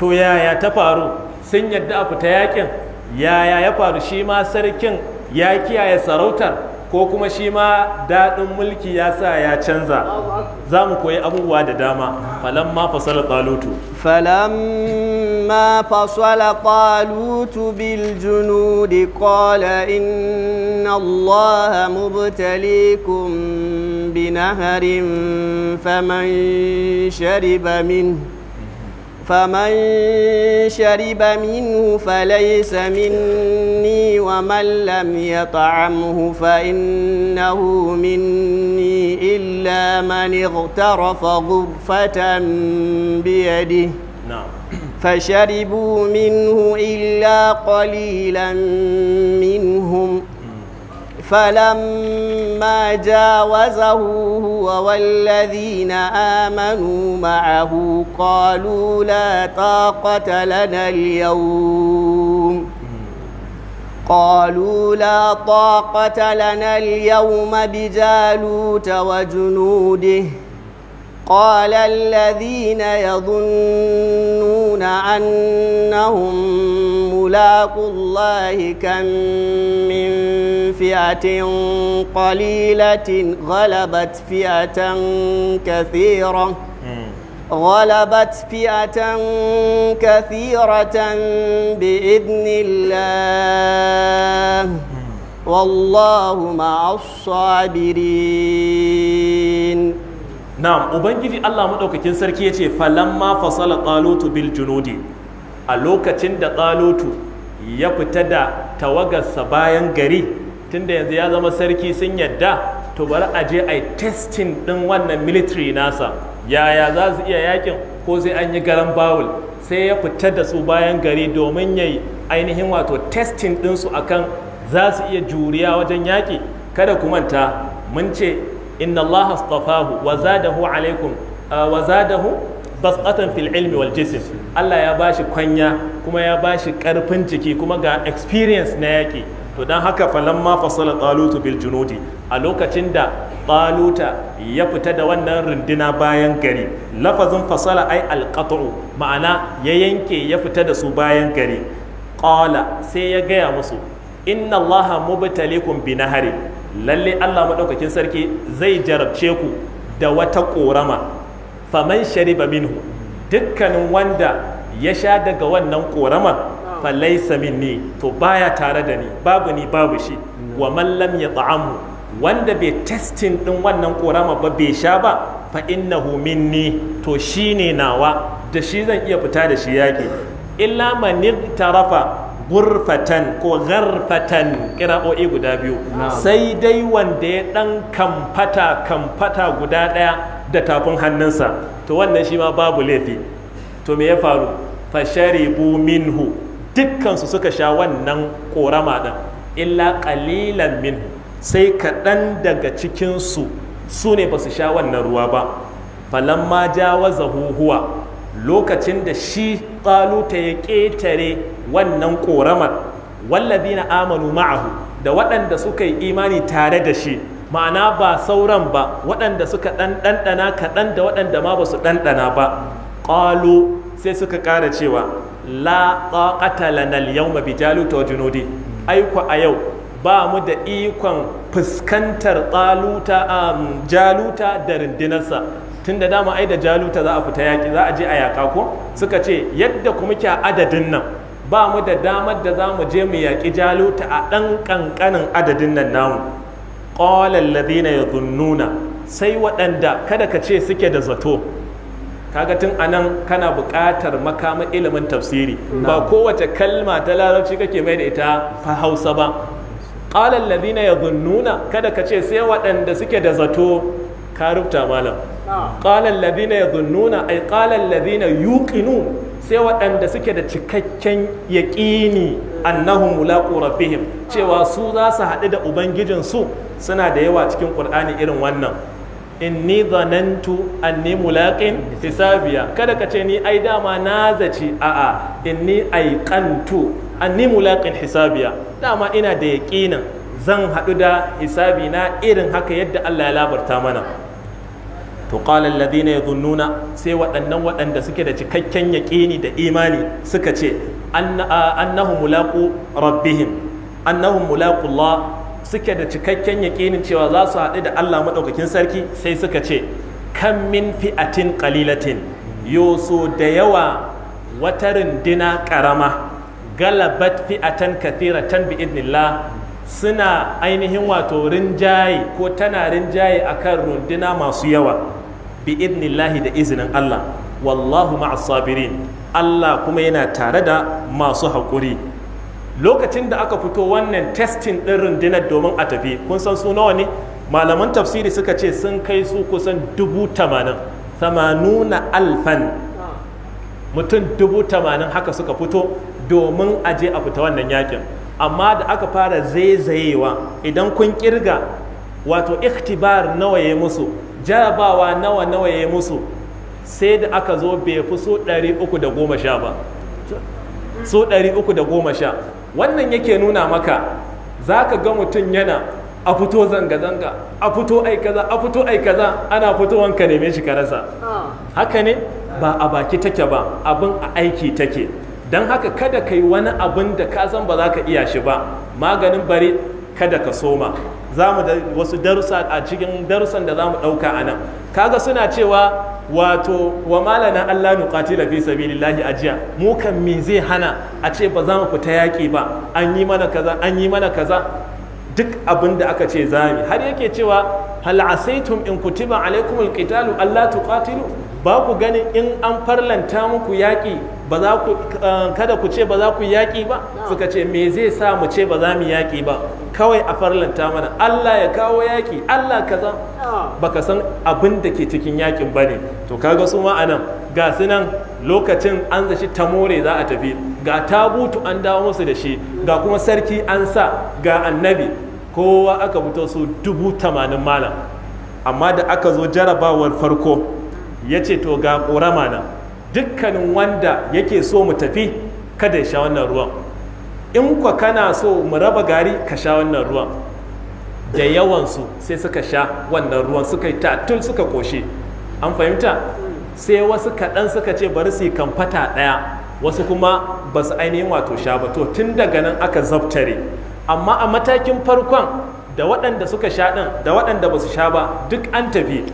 [SPEAKER 1] to yaya ta faru sun yadda a fita yakin yaya ya faru shi ma sarkin ya kiyaye sarautar ko kuma shi ma daɗin mulki ya sa ya canza za mu koyi abubuwa da dama falamma
[SPEAKER 2] fasala talutu falamma fasala ƙalutu bil junudi ƙola inna allaha mubtalikum bi naharin faman shariba min فمن شرب منه فليس مني ومن لم يطعمه فإنه مني إلا من اغترف غرفة بيده نعم فشربوا منه إلا قليلا منهم فلما جاوزه هو والذين آمنوا معه قالوا لا طاقة لنا اليوم قالوا لا طاقة لنا اليوم بجالوت وجنوده قال الذين يظنون أنهم ملاك الله كم من فئة قليلة غلبت فئة كثيرة غلبت فئة كثيرة بإذن الله والله مع الصابرين
[SPEAKER 1] na'am ubangiji Allah madaukakin sarki yace falamma fasala talutu bil junudi a lokacin da talutu ya fita da tawagarsa bayan gari tunda yanzu ya zama sarki sun yadda to bari a je a yi testing din wannan military nasa yaya za su iya yakin ko sai an yi garan bawul sai ya fita da su bayan gari domin ya yi ainihin wato testing ɗinsu akan za su iya juriya wajen yaƙi kada ku manta mun ce inna allaha astafahu wa zadahu alaikum uh, wa zadahu basqatan fil ilmi wal jism Allah ya bashi kwanya kuma ya bashi karfin jiki kuma ga experience na yaki to dan haka falamma fasala talutu bil junudi a lokacin da taluta ya fita da wannan rundina bayan gari lafazin fasala ai al qat'u ma'ana ya yanke ya fita da su bayan gari qala sai ya gaya musu inna allaha mubtalikum bi nahari lalle Allah maɗaukakin sarki zai jarabce ku da wata ƙorama faman shariba minhu dukkanin wanda ya sha daga wannan ƙorama falaisa minni to baya tare da ni babu ni babu shi wa mallam ya ta'amu wanda bai testin ɗin wannan ƙorama ba bai sha ba fa innahu minni to shi ne nawa da shi zan iya fita da shi yaƙi illa man tarafa gurfatan ko garfatan kira'o'i guda biyu sai dai wanda ya dan kamfata kamfata guda daya da tafin hannunsa to wannan shi ma babu laifi to me ya faru fasharibu minhu dukkansu suka sha wannan korama din illa qalilan minhu sai kaɗan daga cikinsu su ne ba su sha wannan ruwa ba falamma jawazahu huwa lokacin da shi ƙaluta ya ƙetare wannan ƙoramar wallabi na amanu ma'ahu da waɗanda suka yi imani tare da shi ma'ana ba sauran ba waɗanda suka ɗanɗana kaɗan da waɗanda ma ba su ɗanɗana ba ƙalu sai suka ƙara cewa la ƙaƙata lanal yau ma bijalu ta junudi aiko a yau ba mu da ikon fuskantar ƙaluta um, jaluta da rundunarsa tun da dama ai da jaluta za a fita yaƙi za a je a yaƙa ko suka ce yadda kuma ke adadin nan ba mu da damar da za mu je mu yaƙi jaluta a ɗan ƙanƙanin adadin nan namu ƙwalar ladina ya zunnuna sai waɗanda kada ka ce suke da zato kaga tun anan kana buƙatar makamin ilimin tafsiri ba kowace kalma ta larabci kake mai da ita fa hausa ba ƙwalar ladina ya zunnuna kada ka ce sai waɗanda suke da zato ka rubuta malam qala alladhina yadhunnuna ay ƙalan alladhina yuƙinu sai waɗanda suke da cikakken yaƙini annahum mulaqu rabbihim cewa su za su haɗu da ubangijin su suna da yawa cikin qur'ani irin wannan inni zanantu ni mulaqin hisabiya kada ka ce ni ai dama na zaci a'a inni An anni mulaƙin hisabiya dama ina da yaƙinin zan haɗu da hisabi na irin haka yadda Allah ya labarta mana to qala ya yadhunnuna sai waɗannan waɗanda suke da cikakken yaƙini da imani suka ce annahu mulaqu rabbihim annahu mulaqu Allah suke da cikakken yaƙinin cewa za su haɗu da Allah maɗaukakin sarki sai suka ce kan min fi'atin qalilatin yoso da yawa wata rindina karama galabat fi'atan kathiratan bi idnillah suna ainihin wato rinjaye ko tana rinjaye akan runduna masu yawa bi idnillahi da izinin Allah wallahu ma'as sabirin Allah kuma yana tare da masu haƙuri lokacin da aka fito wannan testing ɗin rundunar domin a tafi kun san su nawa ne malaman tafsiri suka ce sun kai su kusan dubu tamanin tamanuna alfan mutum dubu tamanin haka suka fito domin a je a fita wannan yakin amma da aka fara zaizayewa idan kun kirga wato ikhtibar nawa ya musu jarabawa nawa nawa ya yi musu sai da aka zo bai fi so 310 ba wannan yake nuna maka za ka ga mutum yana a fito zanga-zanga a fito ai a fito ai ana fitowan ka neme shi ka rasa haka ne ba a baki take ba abin a aiki take don haka kada ka yi wani abin da ka san ba za ka iya shi ba maganin bari kada ka soma za mu da wasu darussa a cikin darussan da za mu ɗauka a nan kaga suna cewa wato wa malana Allah nu qatila fi sabilillahi ajiya mu kan me zai hana a ce ba za mu fita yaƙi ba an yi mana kaza an yi mana kaza duk abin da aka ce zami har yake cewa hal asaitum in kutiba alaikumul qitalu alla tuqatilu ba ku ganin in an farlanta muku yaƙi ba za ku eh, kada ku ce ba za ku yaƙi ba suka ce me zai sa mu ce ba za mu yaƙi ba kawai a farlanta mana Allah ya kawo yaƙi Allah kaza baka san abin da ke cikin yaƙin ne. to kaga suma a nan, ga su nan lokacin an ta tamore za a tafi ga tabutu an dawo musu da shi ga kuma sarki an sa ga annabi kowa aka fito su dubu tamanin malam amma da aka zo jarabawar farko ya ce to ga ƙorama nan dukkanin wanda yake so mu tafi kada ya sha wannan ruwan in kwa kana so mu raba gari ka sha wannan ruwan da yawansu sai suka sha wannan ruwan suka yi tatul suka koshe an fahimta sai wasu kaɗan suka ce bari su yi kamfata ɗaya wasu kuma ba su ainihin wato sha ba to tun daga nan aka zabtare amma a matakin farkon da waɗanda suka sha ɗin da waɗanda ba su sha ba duk an tafi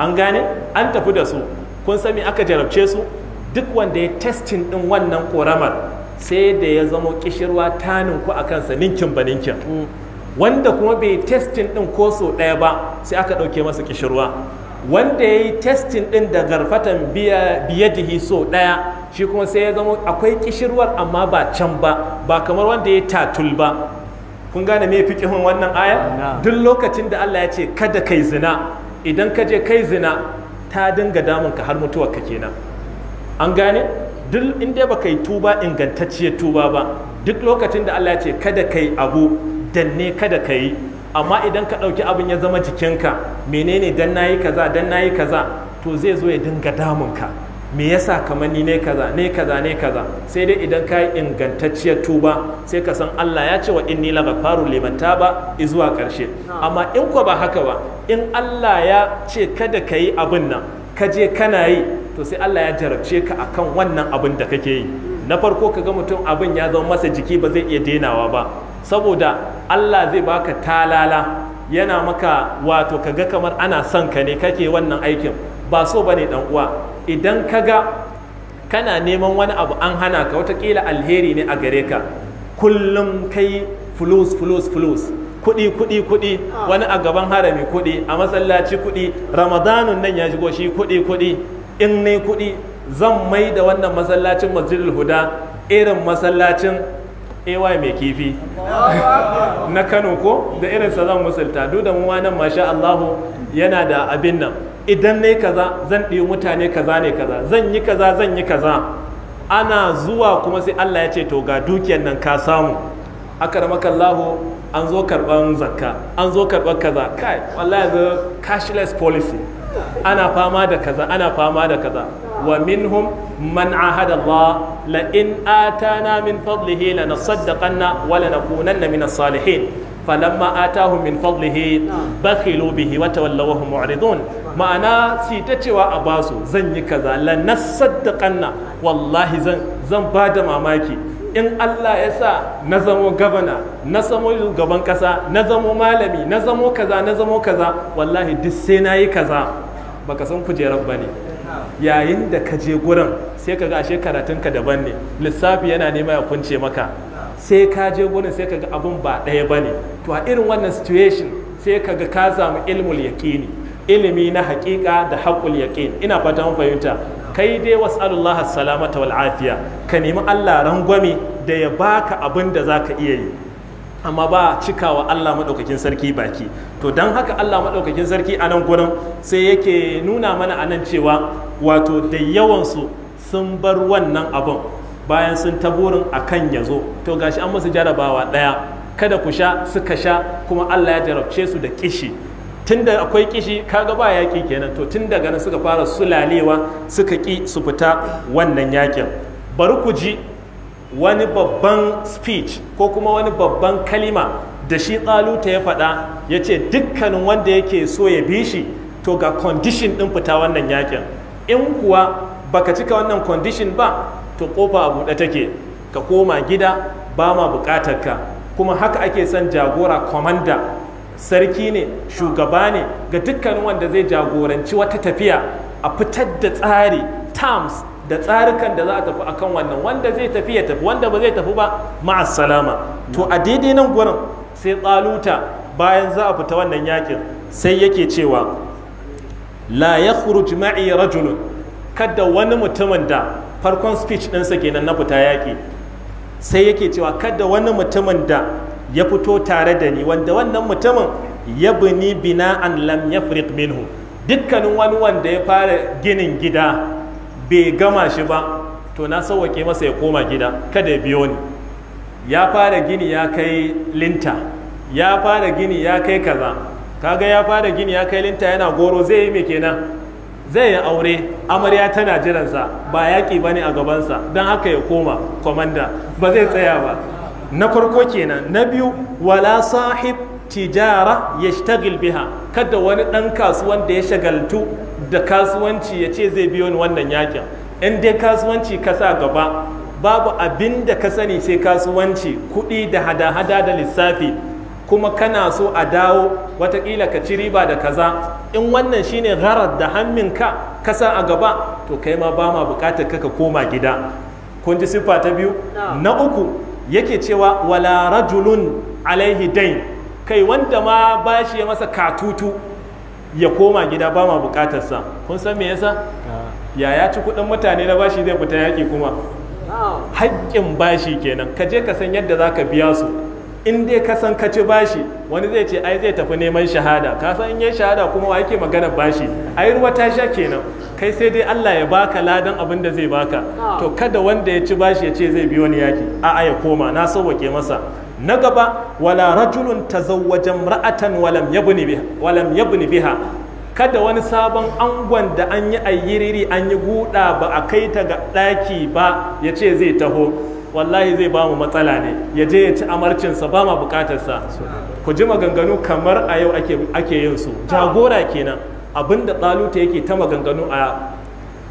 [SPEAKER 1] an gane an tafi da su kun sami aka jarabce su duk wanda ya testin din wannan koramar sai da ya zama kishirwa ta ninku a kansa ninkin ba ninkin mm. wanda kuma bai testin din ko so ɗaya ba sai aka ɗauke masa kishirwa wanda ya yi testin din da garfatan biyadihi so ɗaya shi kuma sai ya zama akwai kishirwar amma ba can ba ba kamar wanda ya tatul ba kun gane me fiƙihun wannan aya duk lokacin da Allah ya ce kada kai zina idan ka je kai zina ta dinga damun ka har mutuwa ka kenan an gane duk inda ba kai tuba ingantacciyar tuba ba duk lokacin da Allah ya ce kada kai abu danne kada ka yi amma idan ka ɗauki abin ya zama jikinka menene dan nayi kaza dan nayi kaza to zai zo ya dinga damun ka me yasa kamar ni ne kaza ne kaza ne kaza sai dai idan ka yi ingantacciyar tuba sai ka san Allah ya ce wa inni la ghafaru liman taba zuwa karshe amma in ko ba haka ba in Allah ya ce kada ka yi abin nan ka je kana yi to sai Allah ya jarabce ka akan wannan abin da kake yi na farko ka ga mutum abin ya zama masa jiki ba zai iya denawa ba saboda Allah zai baka talala yana maka wato ka ga kamar ana son ka ne kake wannan aikin ba so bane dan uwa idan ka ga kana neman wani abu an hana ka watakila alheri ne a gare ka kullum kai fulus fulus fulus kuɗi kuɗi kuɗi wani a gaban harami kuɗi a masallaci kuɗi ramadanun nan ya shigo shi kuɗi kuɗi in ne kuɗi zan mai da wannan masallacin masjidul huda irin masallacin ay mai kifi na kano ko da irinsa zan musulta duk da muwa nan masha Allah yana da abin nan idan ne kaza zan ɗi mutane kaza ne kaza zan yi kaza zan yi kaza ana zuwa kuma sai allah ya ce to ga dukiyan nan ka samu Allah an zo karban zakka an zo karɓar kaza kai wallahi cashless policy ana fama da kaza ana fama da kaza ومنهم من عاهد الله لئن آتانا من فضله لنصدقن ولنكونن من الصالحين فلما آتاهم من فضله بخلوا به وتولوا وهم معرضون ma'ana si ta cewa a basu zan yi kaza lanasaddaƙanna wallahi zan ba da mamaki in Allah ya sa na zamo gabana na zamo gaban ƙasa na zamo malami na zamo kaza na zamo kaza wallahi duk sai na yi kaza baka san kujerar ba ne yayin da ka je gurin sai ka ga karatunka daban ne lissafi yana nema ya kunce maka sai ka je gurin sai ka ga abun ba ɗaya ba ne to a irin wannan situation sai ka ga ka samu ilmul yaƙini ilimi na haƙiƙa da haƙul yaƙin ina fata mun fahimta kai dai wasallallahu salamata wal afiya ka nemi Allah rangwame da ya baka abin da zaka iya yi amma ba cikawa Allah maɗaukakin sarki baki to don haka Allah maɗaukakin sarki a nan gurin sai yake nuna mana a nan cewa wato da yawansu sun bar wannan abin bayan sun taburin a kan ya zo to gashi an masu jarabawa ɗaya kada ku sha suka sha kuma Allah ya jarabce su da kishi tunda akwai kishi kaga ba yaki kenan to tun daga nan suka fara sulalewa suka ƙi su fita wannan yakin bari ku ji wani babban speech ko kuma wani babban kalima da shi tsaluta ya faɗa ya ce dukkanin wanda yake so ya bi shi to ga condition ɗin fita wannan yakin in kuwa baka cika wannan condition ba to kofa a buɗe take ka koma gida ba ma buƙatar ka kuma haka ake son jagora commander sarki ne shugaba ne ga dukkanin wanda zai jagoranci wata tafiya a fitar da tsari terms da tsarukan da za a tafi akan wannan wanda zai tafi ya tafi wanda ba zai tafi ba ma'a salama to a daidai nan gurin sai tsaluta bayan za a fita wannan yakin sai yake cewa la ya ma'i rajulun kada wani mutumin da farkon speech sa kenan na fita yaƙi sai yake cewa kada wani mutumin da ya fito tare da ni wanda wannan mutumin ya bini bina an lam yafriq minhu dukkanin wani wanda ya fara ginin gida bai gama shi ba to na sauwake masa ya koma gida kada ya biyo ni ya fara gini ya kai linta ya fara gini ya kai kaza kaga ya fara gini ya kai linta yana goro zai yi me kenan zai yi aure amarya tana jiransa ba yaƙi ba ne a gabansa don haka ya koma kwamanda ba zai tsaya ba na farko kenan na biyu wala sahib tijara ya biha kada wani ɗan kasuwan da ya shagaltu da kasuwanci ya ce zai biyo ni wannan yakin in dai kasuwanci ka sa gaba babu abin da ka sani sai kasuwanci kuɗi da hada-hada da lissafi kuma kana so a dawo watakila ka ci riba da kaza in wannan shine gharar da hannun ka sa a gaba to kai ma ba ma bukatar ka ka koma gida kun ji siffa ta biyu na uku yake cewa wala rajulun alaihi dain kai wanda ma bashi ya masa katutu ya koma gida ba ma bukatar sa kun san me yasa ah. ya ya ci kuɗin mutane na bashi zai fita yaki kuma haƙƙin bashi kenan ka je ka san yadda za ka biya su in dai ka san ka ci bashi wani zai ce ai zai tafi neman shahada ka san in yi shahada kuma wa yake magana bashi ai ruwa ta sha kenan kai sai dai Allah ya baka ladan abin da zai baka to kada wanda ya ci bashi ya ce zai biyo wani yaki a'a ya koma na sauwake masa na gaba wala rajulun tazawwaja ra'atan walam yabni biha walam yabni biha kada wani sabon angon da an yi ayyiriri an yi guda ba a kai ta ga ɗaki ba ya ce zai taho wallahi zai ba mu matsala ne ya je ya ci amarcinsa ba ma bukatarsa ku ji maganganu kamar a yau ake yin su jagora kenan abinda ɗaluta yake ta maganganu a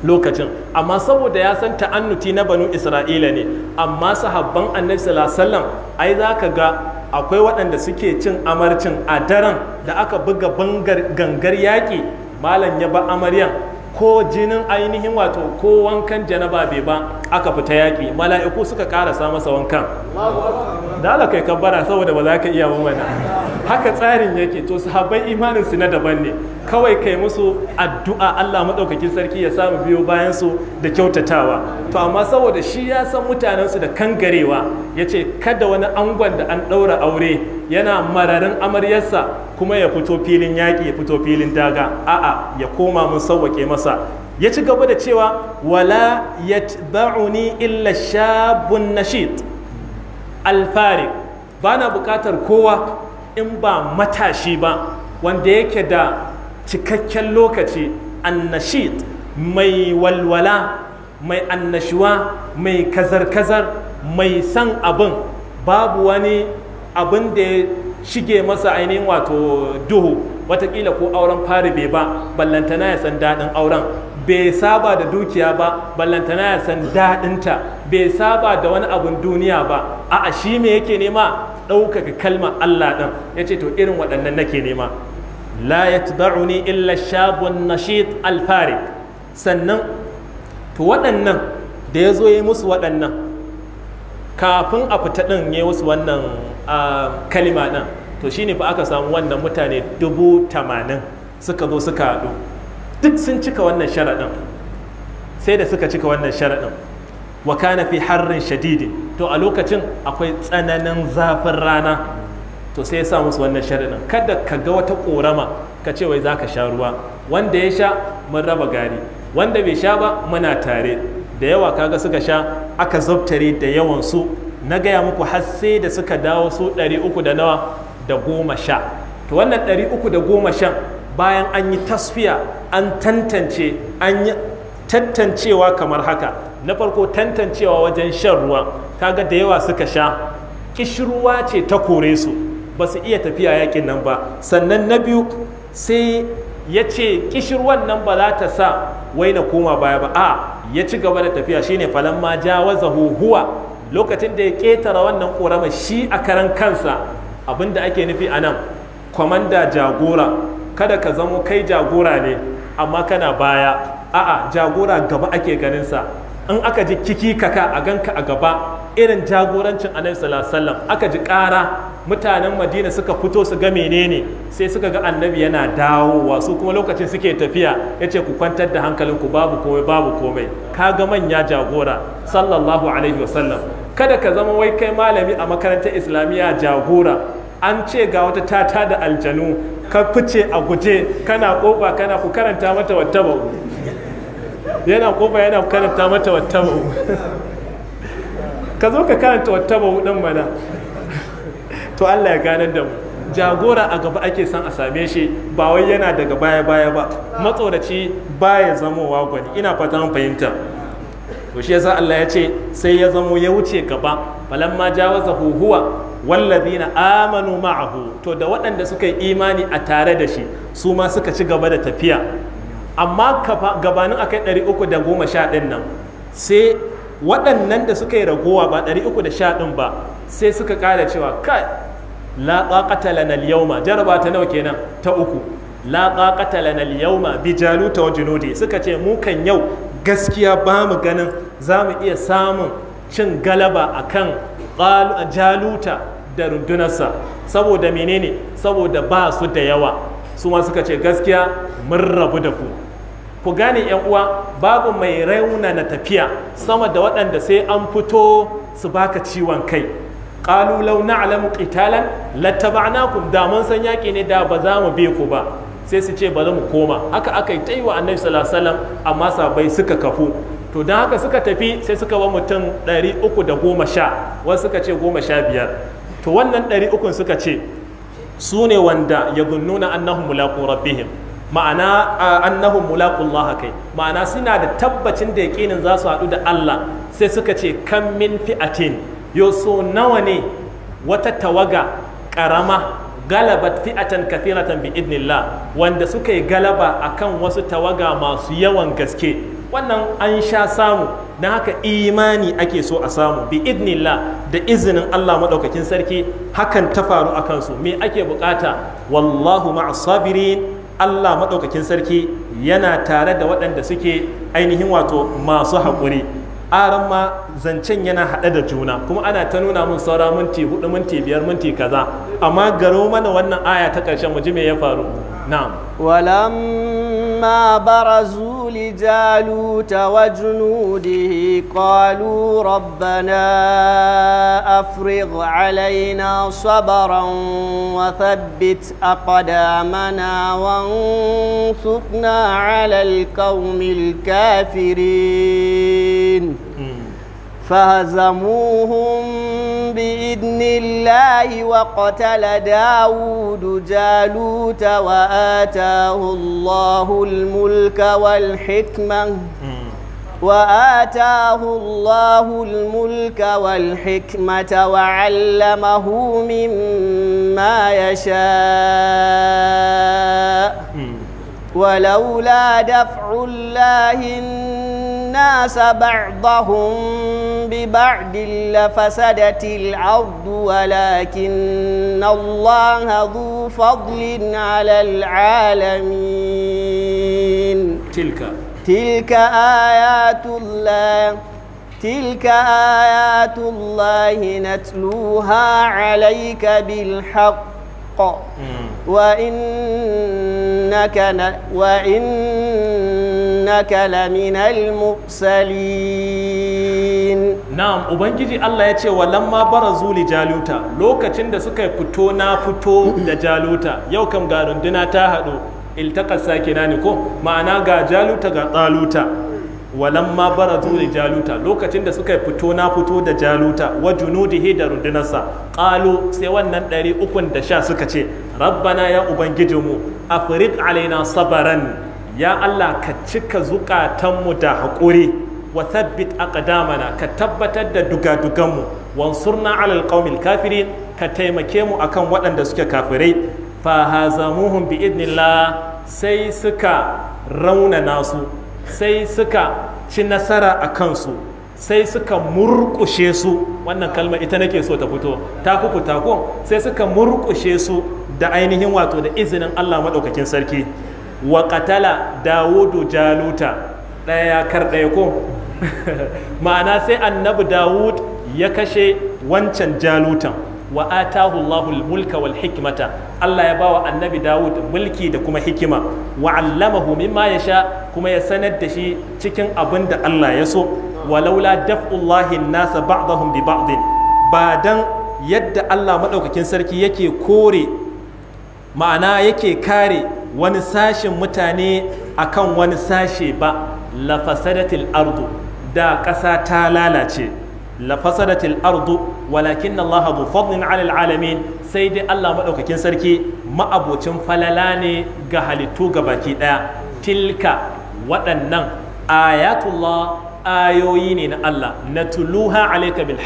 [SPEAKER 1] lokacin amma saboda ya san ta'annuti na banu isra'ila ne amma sahabban annabi sallallahu ai za ka ga akwai waɗanda suke cin amarcin a daren da aka buga gangar yaƙi malam ya ba amaryan ko jinin ainihin wato ko wankan janaba bai ba aka fita yaƙi mala'iku suka karasa masa wankan da kai kabbara saboda ba za ka iya ba haka tsarin yake to sahabbai imanin su na daban ne kawai kai musu addu'a Allah madaukakin sarki ya samu biyo bayan su da kyautatawa to amma saboda shi ya san mutanen su da kangarewa ce kada wani angon da an ɗaura aure yana mararin amaryarsa kuma ya fito filin yaƙi ya fito filin daga a'a ya koma mun sauke masa ya ci gaba da cewa wala yatba'uni illa shabun nashid alfari. bana bukatar kowa in ba matashi ba wanda yake da cikakken lokaci annashid mai walwala mai annashuwa mai kazar-kazar mai san abin babu wani abin da ya shige masa ainihin wato duhu watakila ko auren fari bai ba ballantana ya san daɗin auren bai saba da dukiya ba ballantana ya san daɗinta bai saba da wani abin duniya ba a'a shi me yake nema ɗaukaka kalmar Allah ɗin ya ce to irin waɗannan nake nema la ni illa shabun nashid alfari. sannan to waɗannan da ya zo ya yi musu waɗannan kafin a fita ɗin ya yi musu wannan kalima ɗin to shine fa aka samu wannan mutane dubu tamanin suka zo suka haɗu duk sun cika wannan sharaɗin sai da suka cika wannan sharaɗin wa kana fi harrin shadidi. to a lokacin akwai tsananin zafin rana to sai ya sa musu wannan sharaɗin kada ka ga wata ƙorama ka ce wai za ka sha ruwa wanda ya sha mun raba gari wanda bai sha ba muna tare da yawa kaga suka sha aka zabtare da yawan su na gaya muku har sai da suka dawo su ɗari uku da nawa da goma sha to wannan ɗari uku da goma shan bayan an yi tasfiya an tantance an yi tantancewa kamar haka na farko tantancewa wajen shan ruwa kaga da yawa suka sha kishirwa ce ta kore su ba su iya tafiya yakin nan ba sannan na biyu sai ya ce kishirwan nan ba za ta sa wai na koma baya ba a ya ci gaba da tafiya shine falamma jawaza huwa lokacin da ya ketara wannan korama shi a karan kansa abinda ake nufi a nan kwamanda jagora kada ka zamo kai jagora ne amma kana baya a'a jagora gaba ake ganinsa in aka ji kiki kaka a ganka a gaba irin jagorancin annabi aka ji ƙara mutanen madina suka fito su ga menene sai suka ga annabi yana dawowa su kuma lokacin suke tafiya ya ce ku kwantar da hankalinku babu komai babu komai ka ga manya jagora sallallahu alaihi wasallam kada ka zama wai kai malami a makarantar islamiyya jagora an ce ga wata tata da aljanu ka fice a guje kana koba kana ku karanta mata wata yana kofa yana karanta mata wattaba'u ka zo ka karanta wattaba'u din mana to Allah ya ganar da mu jagora a gaba ake san a same shi ba wai yana daga baya baya ba matsoraci baya zamowa gwani ina fata mun fahimta to shi yasa Allah ya ce sai ya zamo ya wuce gaba ma jawaza huwa wallazina amanu ma'ahu to da waɗanda suka yi imani a tare da shi su ma suka ci gaba da tafiya amma gabanin akai 310 ɗin nan sai waɗannan da suka yi ragowa ba 310 ɗin ba sai suka ƙara cewa kai la ƙaƙata lanal yauma jaraba ta nawa kenan ta uku la ƙaƙata lanal yauma bi jaluta wa junudi suka ce mu kan yau gaskiya ba mu ganin za mu iya samun cin galaba akan jaluta da rundunarsa saboda menene saboda ba su da yawa su ma suka ce gaskiya mun rabu da ku ku gane yan uwa babu mai rauna na tafiya sama da waɗanda sai an fito su baka ciwon kai qalu law na'lamu qitalan lattaba'nakum da mun san yaki ne da ba za mu bi ku ba sai su ce ba za mu koma haka aka yi taiwa annabi sallallahu alaihi wasallam amma sabai suka kafu to don haka suka tafi sai suka ba mutum 310 wasu suka ce 15 to wannan 300 suka ce su ne wanda ya gunnuna annahum mulaqu rabbihim ma'ana annahum mulaqullaha kai ma'ana suna da tabbacin da yaƙinin za su haɗu da Allah sai suka ce kan min fi'atin yo so nawa ne wata tawaga ƙarama galabat fi'atan kathiratan bi idnillah wanda suka yi galaba akan wasu tawaga masu yawan gaske wannan an sha samu na haka imani ake so a samu bi idnillah da izinin Allah maɗaukakin sarki hakan ta faru a kansu me ake bukata wallahu ma'as sabirin Allah maɗaukakin sarki yana tare da waɗanda suke ainihin wato masu haƙuri aran ma zancen yana haɗe da juna kuma ana ta nuna mun saura minti hudu minti biyar minti kaza amma garo mana wannan aya ta ƙarshen mu ji me ya faru na'am
[SPEAKER 2] walamma barazu لجالوت وجنوده قالوا ربنا أفرغ علينا صبرا وثبت أقدامنا وانصرنا على القوم الكافرين فهزموهم بإذن الله وقتل داود جالوت وآتاه الله الملك والحكمة وآتاه الله الملك والحكمة وعلمه مما يشاء ولولا دفع الله الناس بعضهم ببعض لفسدت الأرض ولكن الله ذو فضل على العالمين تلك تلك آيات الله تلك آيات الله نتلوها عليك بالحق الحق وإنك وإنك لمن المرسلين
[SPEAKER 1] نعم ubangiji Allah ya ce walamma barazu li jaluta lokacin da suka fito na fito da jaluta yau kam ga runduna ta haɗu iltaqas sakinani ko ma'ana ga jaluta ga tsaluta Walan ma bara zuri jaluta lokacin da suka fito na fito da jaluta wa junudihi da rundunarsa Ƙalo sai wannan ɗari ukun da sha suka ce rabbana ya ubangijinmu afriq alaina sabaran ya Allah ka cika zukatanmu da haƙuri wa a aqdamana ka tabbatar da dugaduganmu wansurna alal qaumil kafirin ka taimake mu akan waɗanda suke kafirai fa hazamuhum bi idnillah sai suka rauna nasu. sai suka ci nasara a kansu sai suka murƙushe su wannan kalma ita nake so ta fito ta kuku ku sai suka murƙushe su da ainihin wato da izinin Allah maɗaukakin sarki wa qatala dawudu jaluta ɗaya kar ɗaya ko [LAUGHS] ma'ana sai annabi dawud ya kashe wancan jalutan wa atahu Allahul mulka wal hikmata Allah ya bawa annabi Dawud mulki da kuma hikima wa allamahu mimma yasha kuma ya sanar da shi cikin abin da Allah ya so walaula daf'ullahi nasa ba'dahum bi ba'd ba dan yadda Allah madaukakin sarki yake kore ma'ana yake kare wani sashin mutane akan wani sashe ba lafasadatil ardu da ƙasa ta lalace lafasadatil ardu walakin Allah bu fadlin alal alamin sai dai Allah maɗaukakin sarki ma'abocin falala ne ga halittu ga baki ɗaya tilka waɗannan ayatullah ayoyi ne na Allah na tuluha alaika bil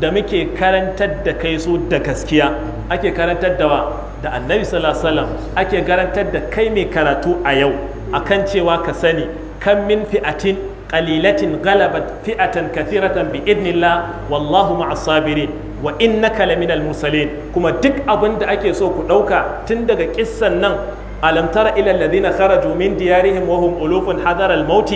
[SPEAKER 1] da muke karantar da kai su da gaskiya ake karantar da wa da annabi sallallahu ake karantar da kai mai karatu a yau akan cewa ka sani kan min fi'atin qalilatin ghalabat fi'atan kathiratan bi idnillah wallahu ma'as sabirin wa innaka laminal mursalin kuma duk abin da ake so ku ɗauka tun daga kissan nan Alamtara tara ila alladhina kharaju diyarihin diyarihim wa hum Mauti? hadara al-maut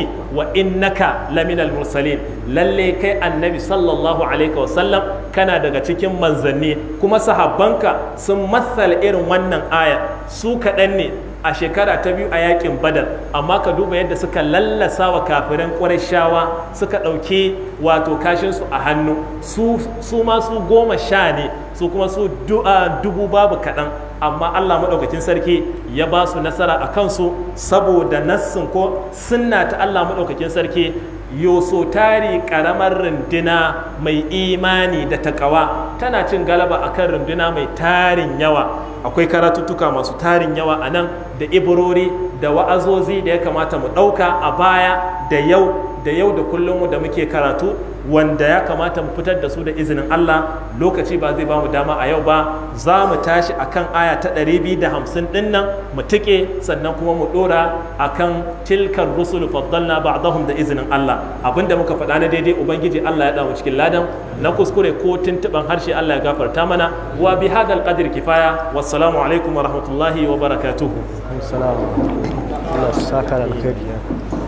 [SPEAKER 1] laminal mursalin Lallai kai annabi sallallahu alaihi wa sallam kana daga cikin manzanni kuma sahabanka sun matsala irin wannan aya su kaɗan ne a shekara ta biyu a yakin badar amma ka duba yadda suka lallasa wa kafiran ƙwarashawa suka ɗauki wato kashinsu a hannu su ma su goma sha ne su kuma su dubu babu kaɗan amma allah maɗaukakin sarki ya ba su nasara a kansu saboda nassin ko sunna ta allah maɗaukakin sarki yosotari karamar runduna mai imani da takawa tana cin galaba akan runduna mai tarin yawa akwai karatuttuka masu tarin yawa a nan da iburori da wa'azozi da ya kamata mu ɗauka a baya da yau da yau da kullum da muke karatu wanda ya kamata mu fitar da su da izinin Allah lokaci ba zai bamu dama a yau ba za mu tashi akan aya ta 250 din nan mu tike sannan kuma mu dora akan tilkar rusul faddalna ba'dahum da izinin Allah abinda muka faɗa na daidai ubangiji Allah ya damu cikin ladan na kuskure ko tuntuban harshe Allah ya gafarta mana wa bi hadal qadri kifaya wassalamu alaikum wa rahmatullahi wa barakatuhu
[SPEAKER 2] assalamu Allah saka